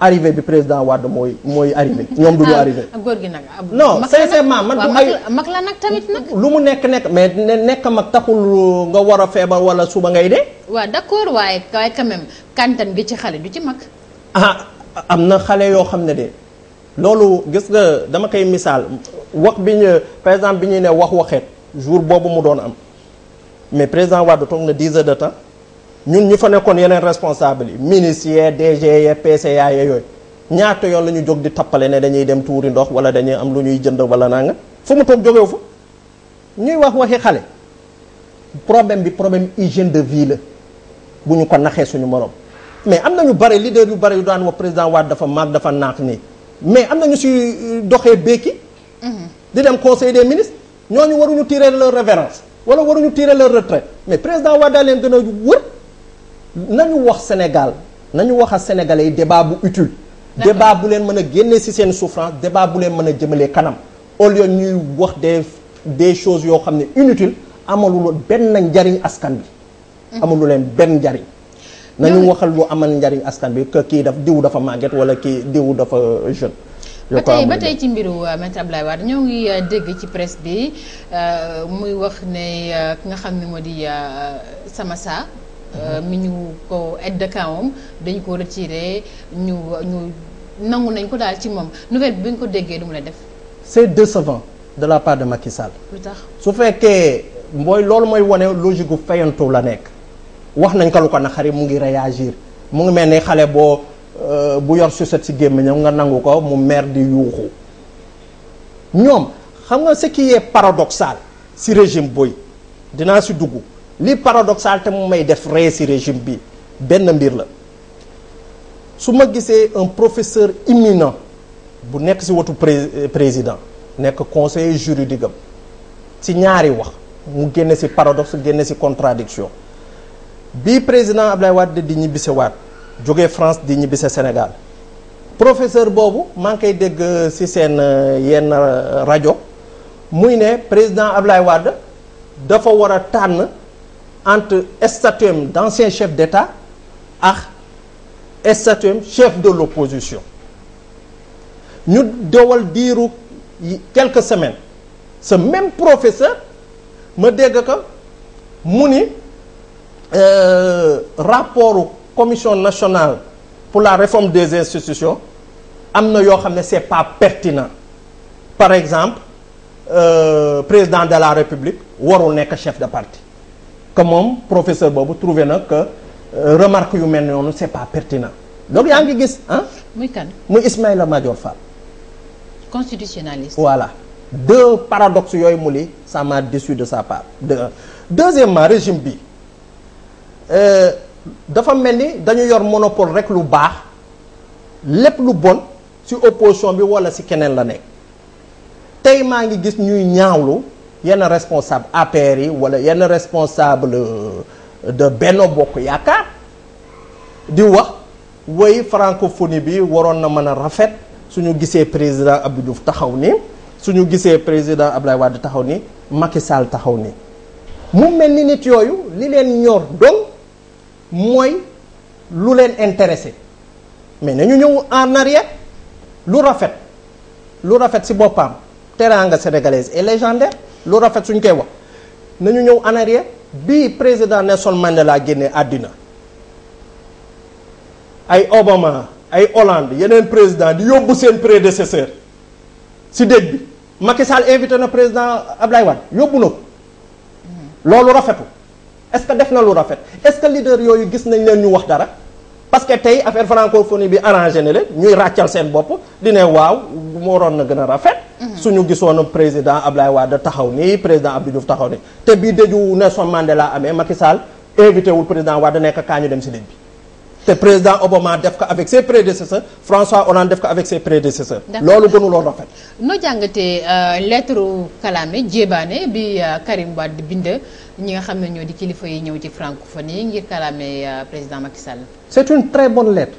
arrivé bi président Wade mooy mooy arrivé ñoom du ñu ah, arrivé ah, góor gi nag ah, non sincèrement man du ay mag la nag tamit nag lu mu nekk nekk mais ne nekk mag taxul nga war a feebar wala suba ngay de waa d'accord waaye waaye quand même kantan ci xale du ci mag ah am na xale yoo xam ne de loolu gis nga dama koy misaal wax bi ñu par exemple bi ñuy ne wax waxeet jour boobu mu doon am mais président Wade toog na dis heures de temps ñun ñu fa nekkoon yeneen responsable yi ministres yi DG yi PCA yi yooyu ñaata yoon la ñu jóg di tappale ne dañuy dem tuuri ndox wala dañuy am lu ñuy jënd wala naa nga fu mu toog jógewu fu ñuy wax waxi xale problème bi problème hygiène de vie la bu ñu ko naxee suñu morom mais am na ñu bare leader yu bare yu daan wax président Wade dafa mag dafa naax nii mais am na ñu si euh, doxee béki mm-hmm. di dem conseil des ñoo ñu waruñu tirer la révérence wala waruñu tirer leur retraite mais président Wade leen gën a wër nañu wax Sénégal nañu wax a Sénégalais yi débat bu utile. débat bu leen mën a génnee si seen souffrance débat bu leen mën a jëmalee kanam au lieu ñuy wax des des choses yoo xam ne inutile amalu benn njariñ askan bi. Mm-hmm. amalu leen benn njariñ. nañu waxal lu amal njariñ askan bi que kii daf diw dafa màgget wala kii diw dafa jeune. ba tey ba tey ci mbiru euh, maître Abdoulaye Wade ñoo ngi euh, dégg ci presse bi euh, muy wax ne ki nga xam ni moo di Samassa. mi ñu ko aide de camp dañu ko retiré ñu ñu nangu nañ ko daal ci moom nouvelle bi nga ko déggee du mu la def. c'est décevant de la part de Macky Sall. lu tax su fekkee mooy loolu mooy wane logique gu fayantu la nekk. wax nañ ko lu ko naqari mu ngi réagir mu ngi mel ni xale boo euh, bu yor suset si gémmiñam nga nangu ko mu mer di yuuxu ñoom xam nga ce qui est paradoxal si régime boy dinaa si dugg li paradoxal te mu may def ree si régime bi benn mbir la su ma gisee un professeur imminent bu nekk si wetu euh, président nekk conseil juridique am si ñaari wax mu génne si paradoxe génne si contradiction bi président Abdoulaye Wade di ñibbise waat jóge France di ñibbi ñibbise Sénégal professeur boobu maa ngi koy dégg ci euh, seen euh, yenn euh, rajo muy ne président Abdoulaye Wade dafa war a tànn entre statuam d'ancien chef d'État ak statuam chef de l'opposition ñu dowal diiru quelque semaines ce même professeur ma dégg ko mu ni Euh, rapport commission nationale pour la réforme des institutions am na yoo xam ne c'est pas pertinent par exemple euh, président de la république warul nekk chef de parti que moom professeur boobu trouvé na que euh, remarque yu mel ni noonu c'est pas pertinent donc yaa ngi gis ah. muy kan muy Ismaïla Madior Fall. constitutionnaliste. voilà deux paradox yooyu mu li ça m'a déçu de sa part de deuxièmement régime bi. Euh, dafa mel ni dañu yor monopole rek lu baax lépp lu bon ci opposition bi walla ci keneen la nekk tey maa ngi gis ñuy ñaawlu yenn responsable APR yi walla yenn responsable euh, de benn Bokk Yaakaar di wax woy francophonie bi waroon na mën a rafet suñu gisee président Abdou Diouf taxaw ni suñu gisee président Abdoulaye Wade taxaw ni Macky Sall taxaw ni mu mel ni nit yooyu li leen ñor donc mooy lu leen intéressé mais na ñu ñëw en arrière lu rafet lu rafet si boppam teraanga sénégalaise et légendaire lu rafet suñ koy wax nañu ñëw en arrière bi président Nelson Mandela génne àddina ay Obama ay Hollande yeneen président di yóbbu seen prédécesseur ci dëj bi Macky Sall invité na président Ablaye Wade yóbbu na ko hmm. loolu rafetu est-ce que def na lu rafet est-ce que leader yooyu gis nañ leen ñu wax dara parce que tey affaire francophonie bi arrangé na leen ñuy ràccal seen bopp dina ne waaw moo waroon na gën a rafet. Mhm. su ñu gisoon président Ablaye Wade taxaw nii président Abdou Diouf taxaw nii te bii dëju Nelson Mandela amee Macky Sall invité wul président Wade nekk kaa ñu dem si dëj bi. te président Obama def ko avec ses prédécesseurs François Hollande def ko avec ses prédécesseurs loolu gënuloo rafet noo jàngatee euh, lettre kalaame jébaane bi euh, Karim Wade binde ñi nga xam ne ñoo di kilifa yi ñëw ci franco fa francophonie ngir kalaame euh, président Macky Sall c'est une très bon lettre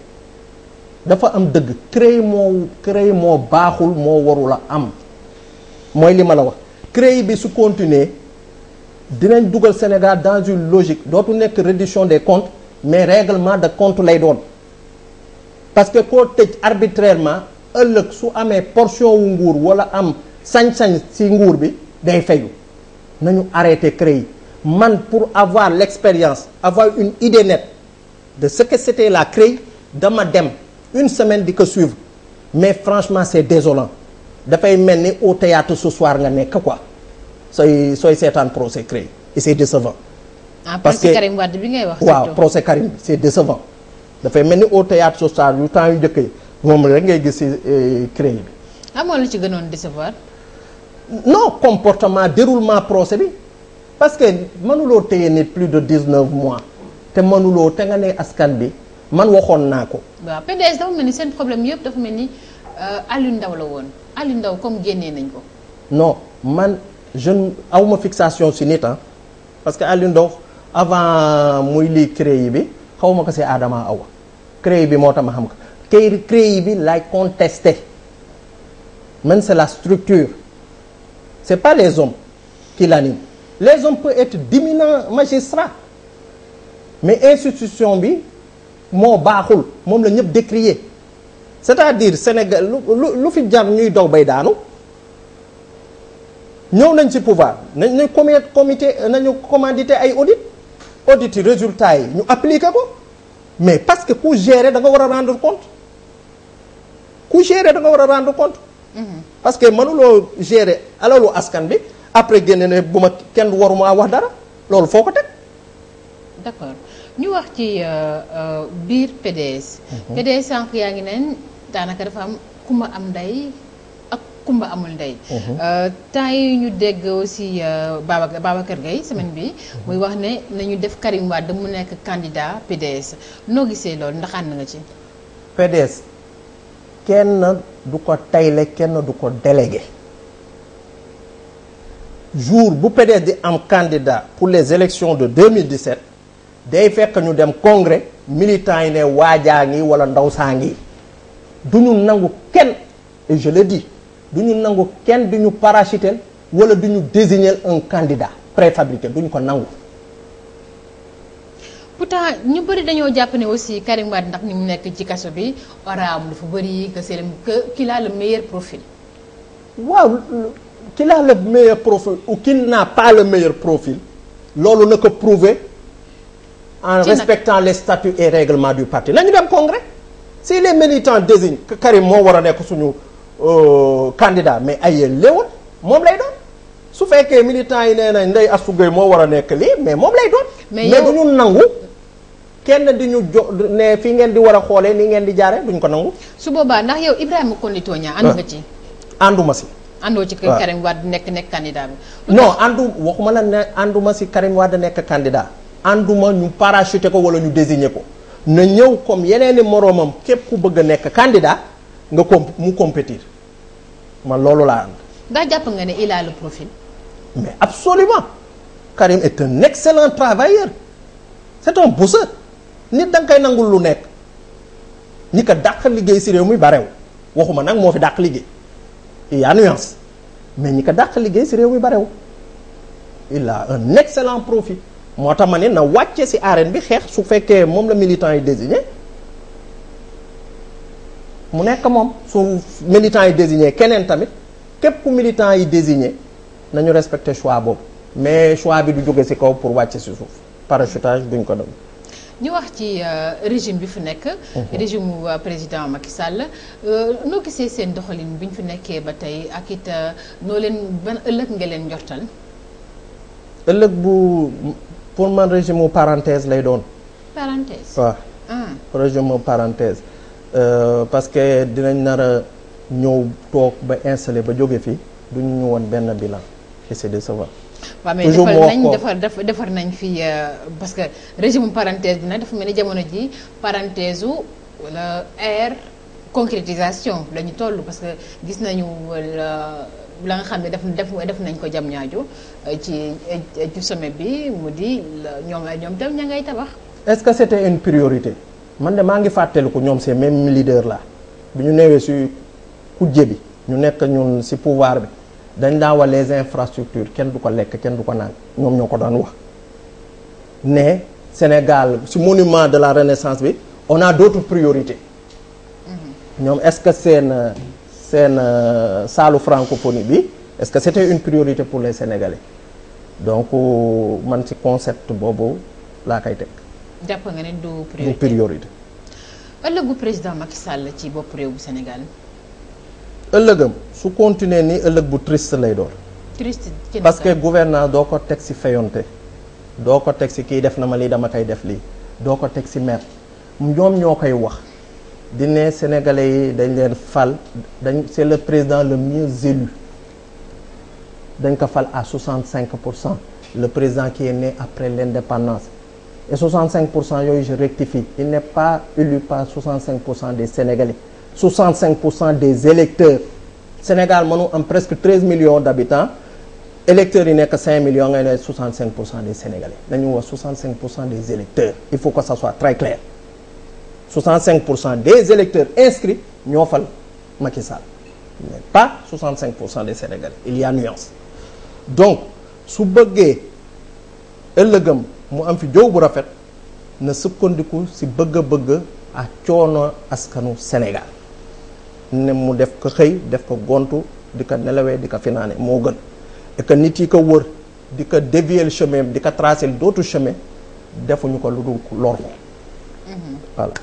dafa am dëgg CREI moo CREI moo baaxul moo warul a am mooy li ma la wax CREI bi su continuer dinañ dugal Sénégal dans une logique dootu nekk reddition des comptes mais règlement de compte lay doon parce que koo tëj arbitrairement ëllëg su amee portion wu nguur wala am sañ-sañ ci nguur bi day fayu nañu arrêté CREI man pour avoir l'expérience avoir une idée nette de ce que c'était la CREI dama dem une semaine di ko suivre mais franchement c'est désolant dafay mel ni au théâtre ce soir nga nekk quoi sooy sooy seetaan procès CREI et c'est décevant Ah, parce que Karim Wade bi ngay wax. waaw procès Karim c' est décevant. dafay mel ni au théâtre social yu temps yu njëkk yi moom rek ngay gis si euh, créé bi. ci gënoon décevoir. non comportement déroulement procès bi parce que mënuloo téye nit plus de dix neuf mois te mënuloo te nga ne askan bi man waxoon naa ko. waaw PDS dafa mel ni seen problème yëpp dafa mel ni euh, Aliou Ndao la woon Aliou ndaw comme génnee nañ ko. non man je awma fixation si nit parce que Aliou Ndao avant muy lii CREI bi xawma ma ko si Adama aw CREI bi moo tax ma xam ko kay CREI bi laay contesté man c'est la structure c'est pas les hommes qui l'animent les hommes peuvent être d'éminents magistrats mais institution bi moo baaxul moom la ñëpp décrier c'est-à-dire Sénégal lu lu fi jar ñuy daw bay daanu ñëw nañ si pouvoir nañ nañ comité nañu commandité ay audit audit yi résultat yi ñu appliqué ko mais parce que ku gére da war a rendre compte ku gérer da war a rendre compte. Mhm. parce que mënuloo gére alalu askan bi après génne ne bu ma kenn waruma wax dara loolu foo ko teg. d'accord ñu wax ci euh, euh, biir PDS. Mhm. PDS sànq yaa ngi neen daanaka dafa am ku ma am ndey. kumba amul ndey mhm. euh, temps yi ñu dégg aussi euh, Babacar Babacar gay semaine bi mhm. muy wax ne nañu def Karim Wade mu nekk candidat PDS noo gisee loolu ndax ànd nga ci PDS kenn du ko tayle kenn du ko délégué jour bu PDS di am candidat pour les élections de 2017 day fekk ñu dem congrès militants yi ne waajaa ngi wala ndaw saa ngi du ñu nangu kenn et je le du ñu nangu kenn du ñu parachutel wala du ñu désigner un candidat préfabriqué du ñu ko nangu. pourtant ñu bëri dañoo jàpp ne aussi Karim ndax ni mu nekk ci kaso bi oraam dafa bëri que c'est le que qu'il a le meilleur profil. waaw qu'il a le meilleur profil ou qu'il n'a pas le meilleur profil loolu nag ko prouver en respectant les statuts et règlements du parti nañu dem congrès si les militants désignent que Karim moo war a nekk suñu. Euh, candidat mais ay léewoon moom lay doon su fekkee militant yi nee na Ndeye Astou Gueye moo war a nekk lii mais moom lay doon. mais du ñu nangu. kenn di ñu jo fii ngeen di war a xoolee ni ngeen di jaaree duñ ko nangu. su boobaa ndax yow Ibrahima Koné Togna. ànd ci. ànduma ah, si. àndoo ci ah. Karim Wade nekk nekk candidat bi. non àndu waxuma la ànduma si Karim Wade nekk candidat. ànduma ñu parachuté ko wala ñu désigné ko na ñëw comme yeneen i moroomam képp ku bëgg a nekk candidat. nga comp mu compétir man loolu laa ànd. ndax jàpp nga ne il a le profil. mais absolument Karim est un excellent travailleur c'est un bosseur nit da nga koy nangul lu nekk ñi ko dàq liggéey si réew mi barew waxuma nag moo fi dàq liggéey il y a nuance mais ñi ko dàq liggéey si réew mi barew il a un excellent profil moo tax ma ne na wàcce si arène bi xeex su fekkee moom la militant yi désigné. mu nekk moom su militants yi désigné keneen tamit képp ku militant yi désigné nañu respecté choix boobu mais choix bi du jóge ci kaw pour wàcc ci suuf parachutage duñ ko dem ñu wax ci euh, régime bi fi nekk. Mhm. régime mu euh, président Macky Sall euh, noo gisee seen doxalin bi ñu fi nekkee ba tey ak it noo leen ban ëllëg nga leen njortal. ëllëg bu pour man régime mu parenthèse lay doon. parenthèse waaw. Ah. régime mu parenthèse. Euh, parce que dinañ nar a ñëw toog ba installé ba jóge fi du ñu woon benn bilan et c'est décevant waaw mais defar defar nañ fi euh, parce que régime parenthèse bi nag dafa mel ni jamono ji parenthèse u wala air concrétisation la ñu toll parce que gis nañu la nga xam ne def def nañ ko jam ñaaju euh, ci ci sommet bi mu di ñoom ñoom tam ña ngay tabax. est-ce que c'était une priorité. man de maa ngi fàttaliku ñoom ces mêmes leaders là bu ñu newee si kujje bi ñu nekk ñun si pouvoir bi dañ daa wax les infrastructures kenn du ko lekk kenn du ko naan ñoom ñoo ko daan wax ne Sénégal si monument de la renaissance bi on a d'autres priorités mhm. ñoom est-ce que seen seen euh, saalu francophonie bi est-ce que c'était une priorité pour les Sénégalais donc euh, man ci concept boobu laa koy teg jàpp nga ne du priorité du priorité. ëllëgu président Macky sàll ci bopp réew bu Sénégal. ëllëgam su continuer ni ëllëg bu triste lay doon. triste parce que gouvernance doo ko teg ci fayonte doo ko teg ci kii def na ma lii dama koy def lii doo ko teg ci maire ñoom ñoo koy wax di ne yi dañ leen fal dañ c'est le président le mieux élu dañ ko fal à 65 pour cent le président qui est né après l'indépendance et 65 pour cent yooyu je rectifie il n'est pas élu par 65 pour cent des Sénégalais 65 pour cent des électeurs Sénégal mënu am presque 13 millions d'habitants électeurs yi nekk 5 millions ngay ne 65 pour cent des Sénégalais dañu wax 65 pour cent des électeurs il faut que ça soit très clair pour cent des électeurs inscrits ñoo fal Macky Sall mais pas 65 pour des Sénégalais il y a nuance donc su bëggee ëllëgam. mu am fi jow bu rafet na sukkandiku si bëgg-bëgg a coono askanu Sénégal ne mu def ko xëy def ko gontu di ko nelawee di ko finaane moo gën et que nit yi ko wër di ko dévier le chemin di ko tracer d'autres chemins defuñu ko lu dul lor ko mm-hmm. voilà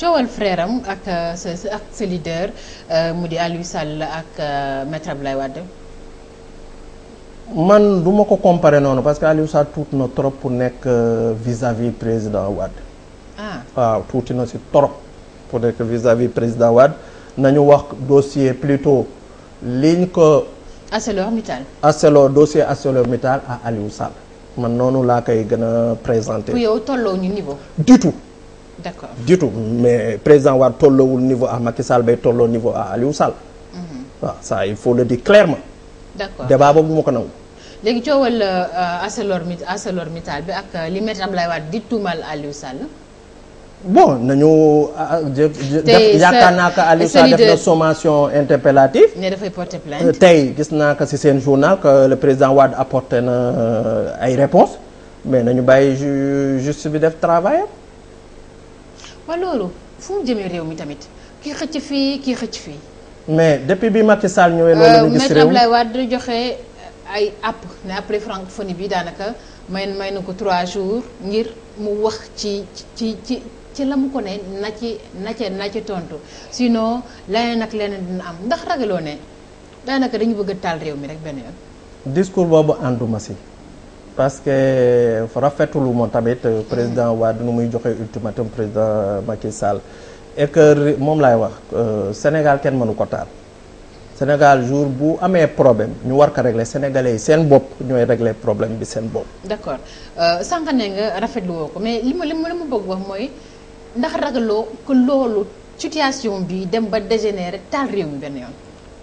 coowal frère am ak euh, sa ak sa leader euh, mu di Aliou Sall ak euh, maître Abdoulaye Wade man du ma ko comparer noonu parce que Aliou Sarr tuuti na trop pour nekk euh, vis-à-vis président Wade. ah waaw tuuti na si trop pour nekk vis-à-vis président Wade nañu wax dossier plutôt liñ ko. ArcelorMittal. Arcelor dossier ArcelorMittal à Aliou Sall man noonu laa koy gën a présenter. ku yow tolloo ñu niveau. du tout. mais président Wade tolloowul niveau a Macky Sall bay tolloo niveau à Aliou Sall. Mhm. waaw il faut le dire clairement. d'accord débat boobu ma ko nangu. léegi coowal euh, ArcelorMittal bi ak euh, li maître Abdoulaye Wade di tuumal Aliou Sall. bon nañu euh, def yaakaar naa ko Aliou def na sommation interpellative ne dafay porter plainte tey gis naa ko ci seen journal que le président Wade apporté na ay réponses mais nañu bàyyi ju justice bi def travail am. loolu fu mu jëmee réew mi tamit kii xëcc fii kii xëcc fii. mais depuis bi Macky Sall ñëwee. loolu la euh, ñu gis réew Maître joxe ay app ne après francophonie bi daanaka may may na ko trois jours ngir mu wax ci ci ci ci la mu ko ne na ci na ci na ci tontu sinon leneen ak leneen dina am ndax ragaloo ne daanaka dañu bëgg a taal réew mi rek benn yoon. discours boobu ànduma si. parce que euh, rafetulu ma tamit euh, président Wade nu muy joxe ultimatum président Macky Sall. et que moom laay wax euh, Sénégal kenn mënu ko taal Sénégal jour bu amee problème ñu war ko régler sénégalais seen bopp ñooy régler problème bi seen bopp. d'accord euh, sànq ne nga rafetlu woo ko mais li ma li ma bëgg wax mooy ndax ragaloo que loolu situation bi dem ba dégénérer taal réew mi benn yoon.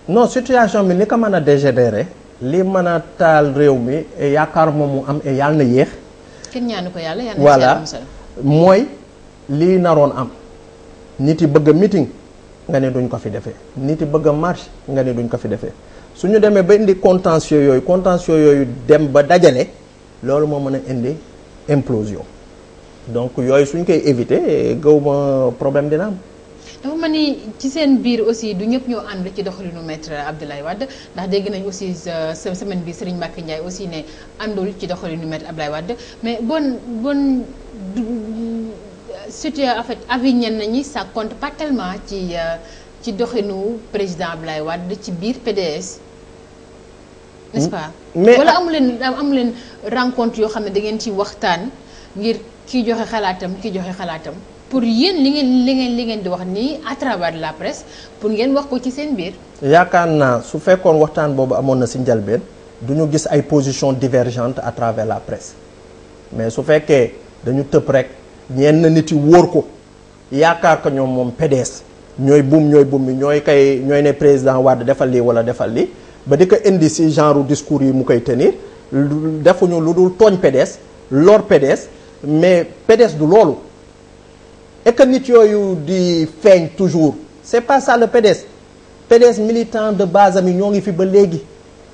non situation bi ni ko mën a dégénérer li mën a taal réew mi yaakaar moom mu am yàlla na yéex. kenn ñaanu ko yàlla yàlla na mooy lii naroon am. nit yi bëgg a meeting nga ne duñ ko fi defee nit yi bëgg a marche nga ne duñ ko fi defee su ñu demee ba indi contentieux yooyu contentieux yooyu dem ba dajale loolu moo mën a indi implosion donc yooyu suñ koy éviter gaw ma problème dina am. dafa ma ni ci seen biir aussi du ñëpp ñoo ànd ci doxalinu maître Abdoulaye Wade ndax dégg nañ aussi euh, semaine bi Serigne Mbacké Ndiaye aussi ne àndul ci doxalinu maître Abdoulaye Wade mais bon bon. situé en fait avis ñenn ñi ça compte pas ci euh, ci doxinu président Ablaye Wade ci biir PDS. nest pas. mais wala ah amu leen leen rencontre yoo xam ne da ngeen ci waxtaan ngir kii joxe xalaatam kii joxe xalaatam pour yéen li ngeen li ngeen di wax nii à travers la presse pour ngeen wax ko ci seen biir. yaakaar naa su fekkoon waxtaan boobu amoon na si njalbeen du ñu gis ay positions divergentes à travers la presse mais su fekkee dañu tëb rek. ñenn nit yi wóor ko yaakaar ko ñoom moom PDS ñooy buum ñooy buum bi ñooy kay ñooy ne président war defal lii wala defal li ba di ko indi si genre discours yi mu koy tenir defuñu lu dul tooñ PDS lor PDS mais PDS du loolu et que nit yooyu di feeñ toujours c'est pas ça le PDS PDS militant de base am yi ñoo ngi fi ba léegi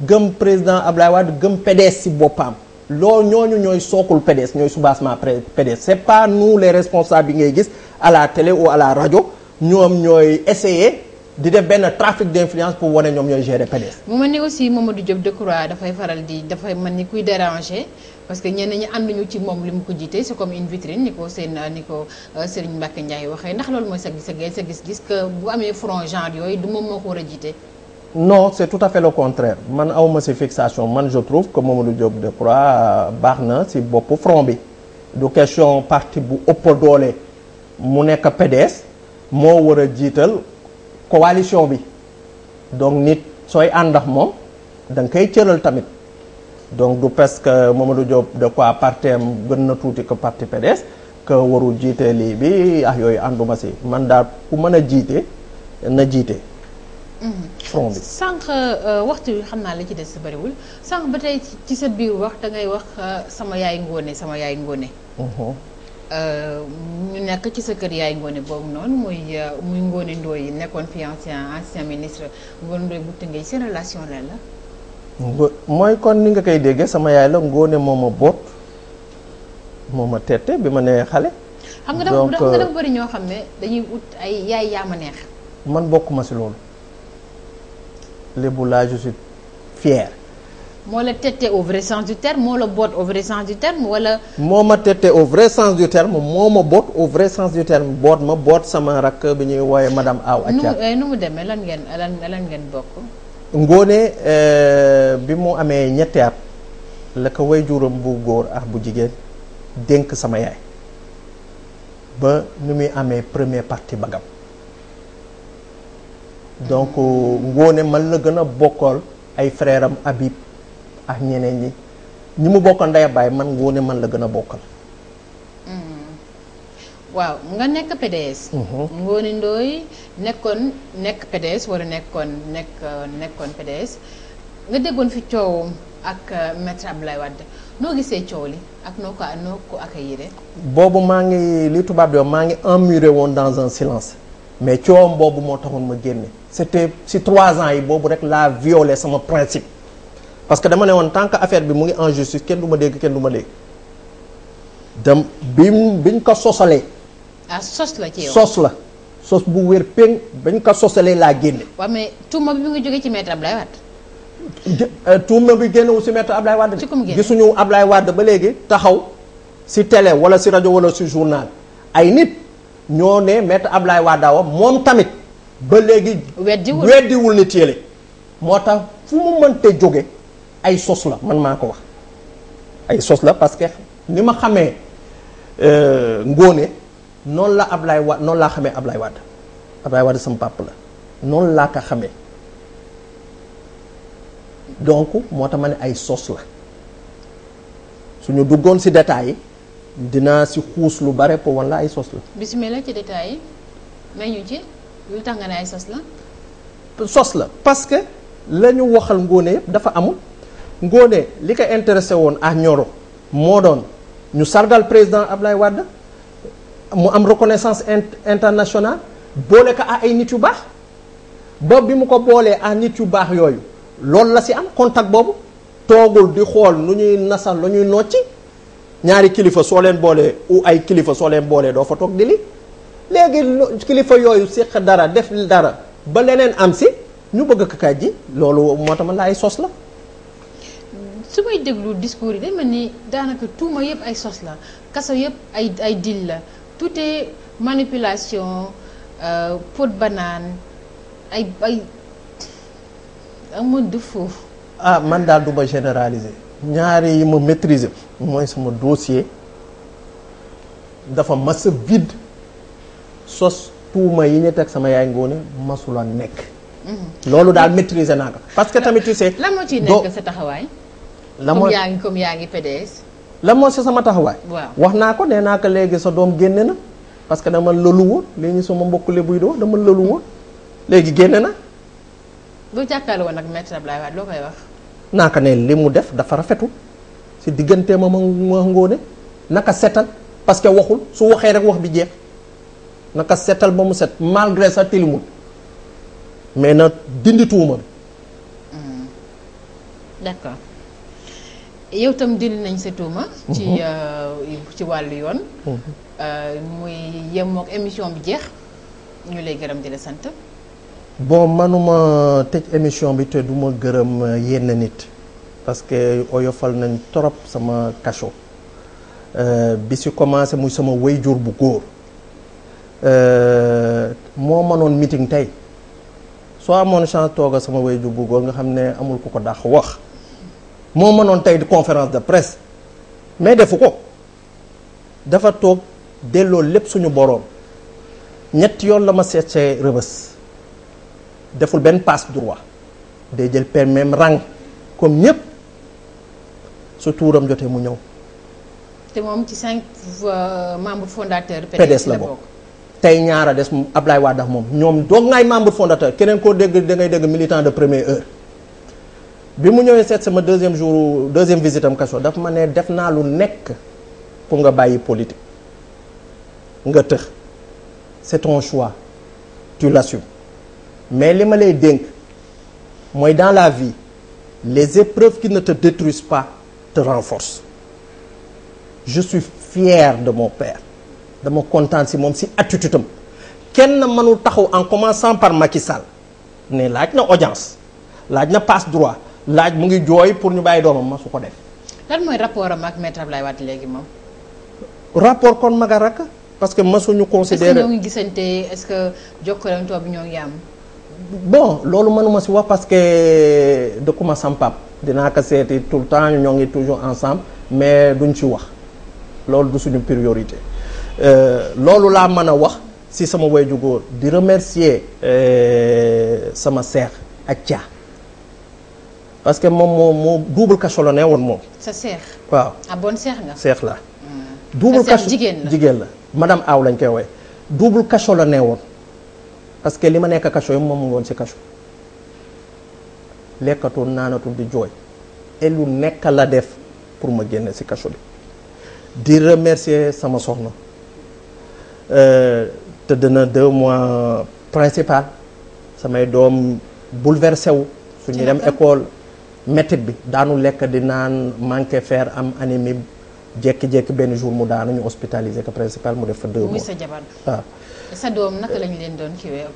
gëm président Ablaye Wade gëm PDS si boppam. loolu ñooñu ñooy sookul PDS ñooy soubassement PDS c'est pas nous les responsables yi ngay gis à la télé ou à la rajo ñoom ñooy essayer di def benn trafic d'influence pour wane ñoom ñooy gérer PDS. mu mel ni aussi Mamadou Diop Decroix dafay faral di dafay mel ni kuy déranger parce que ñenn ñi ànduñu ci moom li mu ko jiite c'est comme une vitrine ni ko seen ni ko euh, Serigne Mbacke Ndiaye waxee ndax loolu mooy sa gis sa gis-gis que bu amee front genre yooyu du moom moo ko war a jiite. non c' tout à fait le contraire man awma si fixation man je trouve que Mamadou de Decroix euh, baax na si boppu front bi du question parti bu ëpp doole mu nekk PDS moo war a jiital coalition bi donc nit sooy ànd ak moom da nga koy cëral tamit donc du parce que Mamadou Diop Decroix partem gën na tuuti ko parti PDS que warul jiite lii bi ah yooyu ànduma si man daal ku mën a jiite na jiite front bi. sànq euh, waxtu wi xam naa la ci des sa bëriwul sànq ba tey ci sa biir wax da ngay wax euh, sama yaay ngoone sama yaay ngoone. mu mhm. euh, nekk ci sa kër yaay ngoone boobu noonu muy muy ngoone Ndoye nekkoon fi ancien ancien ministre ngoone Ndoye bu Tëngéej seen relation lan la. mooy kon ni nga koy déggee sama yaay la ngoone moo ma boot moo ma tette bi ma nee xale. xam nga dafa dafa bëri ñoo xam ne dañuy wut ay yaay yaa ma neex. man bokkuma si loolu. lébu laa je suis moo la tette au vrai sens du terme moo la boot au vrai sens du terme wala. moo ma tette au vrai sens du terme moo ma boot au vrai sens du terme boot ma boot sama rakk bi ñuy wooye madame Aw Atia. nu mu eh, nu mu demee lan ngeen lan lan ngeen bokk. Ngone eh, bi mu amee ñetti at la ko juróom bu góor ak bu jigéen dénk sama yaay ba nu muy amee premier partie bagam. donc ngoone man la gën a bokkool ay frère am ak ñeneen ñi ñu mu bokkoon ndey baay man ngoone man la gën a bokkal. Mm-hmm. waaw nga nekk PDS. Mm-hmm. Ngoné ndooy nekkoon nekk PDS wala nekkoon nekk nekkoon PDS nga déggoon fi coow ak euh, maître lay Wade noo gisee coow li ak noo ko ak ko accueillir. boobu maa ngi li tubaab di maa ngi emmuré woon dans un silence. mais coom boobu moo taxoon ma génne c'était si trois ans yi boobu rek laa violé sama principe parce que dama ne woon tant que affaire bi mu ngi en justice kenn du ma dégg kenn du ma dégg dem biñ ko sosalee. ah sos la ci yow la sos bu wér péng bañ ko sosalee laa génne. waaw mais tuuma bi mu ngi jógee ci maître Ablaye Wade. Euh, tuuma bi génnewu si maître Ablaye Wade. ci kum génne ab Ablaye Wade ba léegi taxaw si télé wala si rajo wala si journal ay nit. ñoo ne maître Ablaye Wadawa moom tamit ba léegi. weddiwul weddiwul ni téele moo tax fu mu mënte jóge ay sos la man maa ko wax ay sos la parce que ni ma xamee euh, ngóone noonu la Ablaye Wade noonu laa xamee Ablaye Wade Ablaye Wade sama papa la noonu laa ko xamee donc moo tax ma ne ay sos la suñu duggoon si détails yi. dinaa si xuus lu bare pour wan la ay sos la. bisimilah ci détails yi may ñu ci lu tax nga ne ay sos la. sos la parce que la waxal ngóone yëpp dafa amul ngóone li ko intéressé woon ak Nioro moo doon ñu sargal président Ablaye wàdd mu am reconnaissance internationale boole ko ak ay nit yu baax ba bi mu ko boolee ak nit yu baax yooyu loolu la si am contact boobu toogul di xool nu ñuy nasal lu ñuy nocci. ñaari kilifa soo leen boolee ou ay kilifa soo leen boolee doo fa toog di li léegi kilifa yooyu séq dara def dara ba leneen am si ñu bëgg ko kaaj ji loolu moo tax man la ay sos la su may déglu discours yi day mel ni daanaka tuuma yëpp ay sos la kaso yëpp ay ay dil la tout est manipulation euh, pot banaan ay ay amoon de foofu ah man daal du ma généraliser ñaari yi ma maîtriser mooy sama dossier dafa mas a vide sos tuuma yi ñu teg sama yaay ngoone masula nekk. Mhm. loolu daal maîtriser naa ko parce que tamit tu sais. lan moo ciy nekk sa taxawaay. la moo comme yaa ngi comme yaa ngi PDS. lan moo si sama taxawaay. waaw wax naa ko nee naa ko léegi sa doom génne na parce que dama lëlu woon léegi sama mbokk lebu yi di wax dama lëlu woon léegi génne na. bu jàkkaarloo woon ak maître Abdoulaye Wade loo koy wax. naa ko ne li mu def dafa rafetul si diggante ma ma ngóone naka setal parce que waxul su waxee rek wax bi jeex naka setal ba mu set malgré sa tilimul mais na dindi tuuma bi. Hmm. yow tam dindi nañ sa tuuma. ci mhm. euh, ci wàllu yoon. Mhm. Euh, muy yem mook émission bi jeex ñu lay gërëm di la sant. bon manuma tëj émission bi te du ma gërëm euh, yenn nit parce que oyofal nañ trop sama cachot euh, bi si commencé muy sama jur bu góor euh, moo mënoon meeting tey soo amoon chance tooga sama wayjur bu góor nga xam ne amul ku ko dàq wax moo mënoon tey di conférence de presse mais defu ko dafa toog delloo lépp suñu boroom ñett yoon la ma seet see rëbës deful benn passe droit day jël per même rang comme ñëpp su tuuram jotee mu ñëw. te moom ci cinq euh, membres fondateurs. PDS la bokk tey ñaara des Ablaye Wade moom ñoom doog ngaay membre fondateur keneen koo dégg da dégg militant de première heure. bi mu ñëwee seet sama deuxième jour deuxième visite am kaso dafa ma ne def naa lu nekk pour nga bàyyi politique nga tëx c'est ton choix tu l'assumes. mais li ma lay dénk mooy dans la vie les épreuves qui ne te détruisent pas te renforcent je suis fier de mon père dama kontaan si moom si attitude am kenn mënul taxaw en commençant par Macky Sall ne laaj na audience laaj na passe droit laaj mu ngi jooy pour ñu bàyyi doomam ma su ko def. lan mooy rapport am ak maître Abdoulaye Wade léegi moom. rapport kon mag a rakk parce que ma ñu considéré est que ñoo ngi gisante est-ce que jokkalantoo bi ñoo ngi am. bon loolu mënuma si wax parce que dëkkuma sama pap dinaa ko seeti tout le temps ñoo ngi toujours ensemble mais duñ si wax loolu du suñu priorité euh, loolu laa mën a wax si sama wayju góor di remercier euh, sama seex ak caa parce que moom moo moo double cachot la ne woon moom. sa seex. waaw ah bon nga. seex la. Ah. double cachot jigéen jigéen la madame Aw lañ koy woowee double cachot ne woon. parce que li ma nekk kaso yi moom mu ngi woon si kaso lekkatul naanatul di jooy et lu nekk la def pour ma génn si kaso bi di remercier sama soxna euh, tëdd na deux mois principal samay doom bouleversé wu su ñu dem école métit bi daanu lekk di naan manqué fer am anémie jékki-jékki benn jour mu daanu ñu hospitalisé ko principal mu def fa deux mois waaw sa doom naka lañ leen doon kiiwee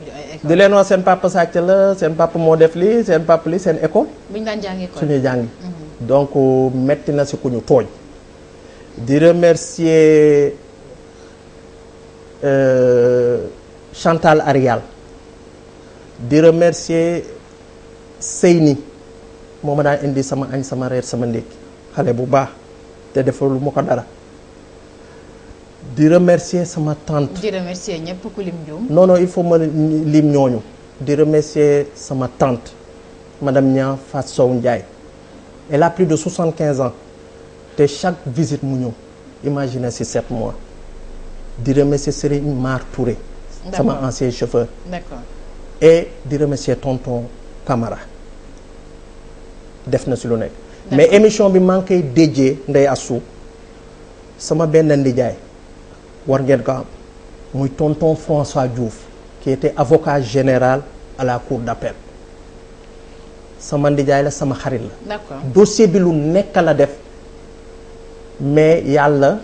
di leen wax seen papa sàcc la seen papa moo def lii seen papa li seen école. bu ñu daan jàngee école suñuy jàng. Mhm. donc euh, metti na si ku ñu tooñ. di remercier euh, Chantal Arial di remercier ni moo ma daan indi sama añ sama reer sama ndékki xale bu baax te defaluma ko dara. di remercier sama tante. di ñëpp ku lim juum. non il faut ma lim ñooñu. di remercier sama tante madame Nia Fatou Sow Ndiaye elle la plus de soixante quinze ans te chaque visite mu ñëw imaginez si sept mois di remercier Serigne Mar Touré. sama ancien chauffeur. d'accord et di remercier tonton Camara def na si lu nekk. mais émission bi maa ngi koy déjee Ndeye Assou sama benn ndijaay. war ngeen ko am muy tonton François Diouf qui était avocat général à la cour d'appel sama ndijaay la sama xarit la. d'accord dossier bi lu nekk la def mais yàlla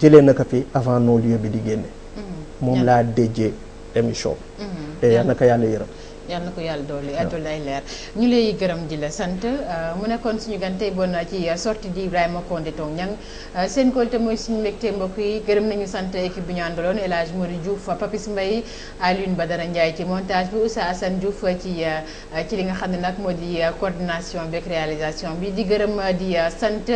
jëlee na ko fi avant non lieu bi di génne. Mhm. moom laa déjee émission bi. Mhm. te yal yàlla yërëm. yal na ko yàlla dolli addul ay leer ñu lay gërëm di la sant euh, mu nekkoon suñu gan tey bon ci euh, sortie di Ibrahima Condé Tong Niang euh, seen kóolute mooy suñu mbégte mbokk yi gërëm nañu sant équipe bi ñu àndaloon El Hadj Modou Diouf Papis Mbaye Alioune Badara Ndiaye ci montage bi Oussa Assane Diouf ci ci li nga xam ne nag moo di coordination beeg réalisation bi di gërëm di sant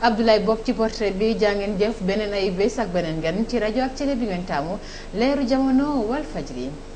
Abdoulaye Bopp ci portrait bi jàngeen jëf beneen ay bés ak beneen gan ci rajo ak télé bi ngeen taamu leeru jamono Walfadjri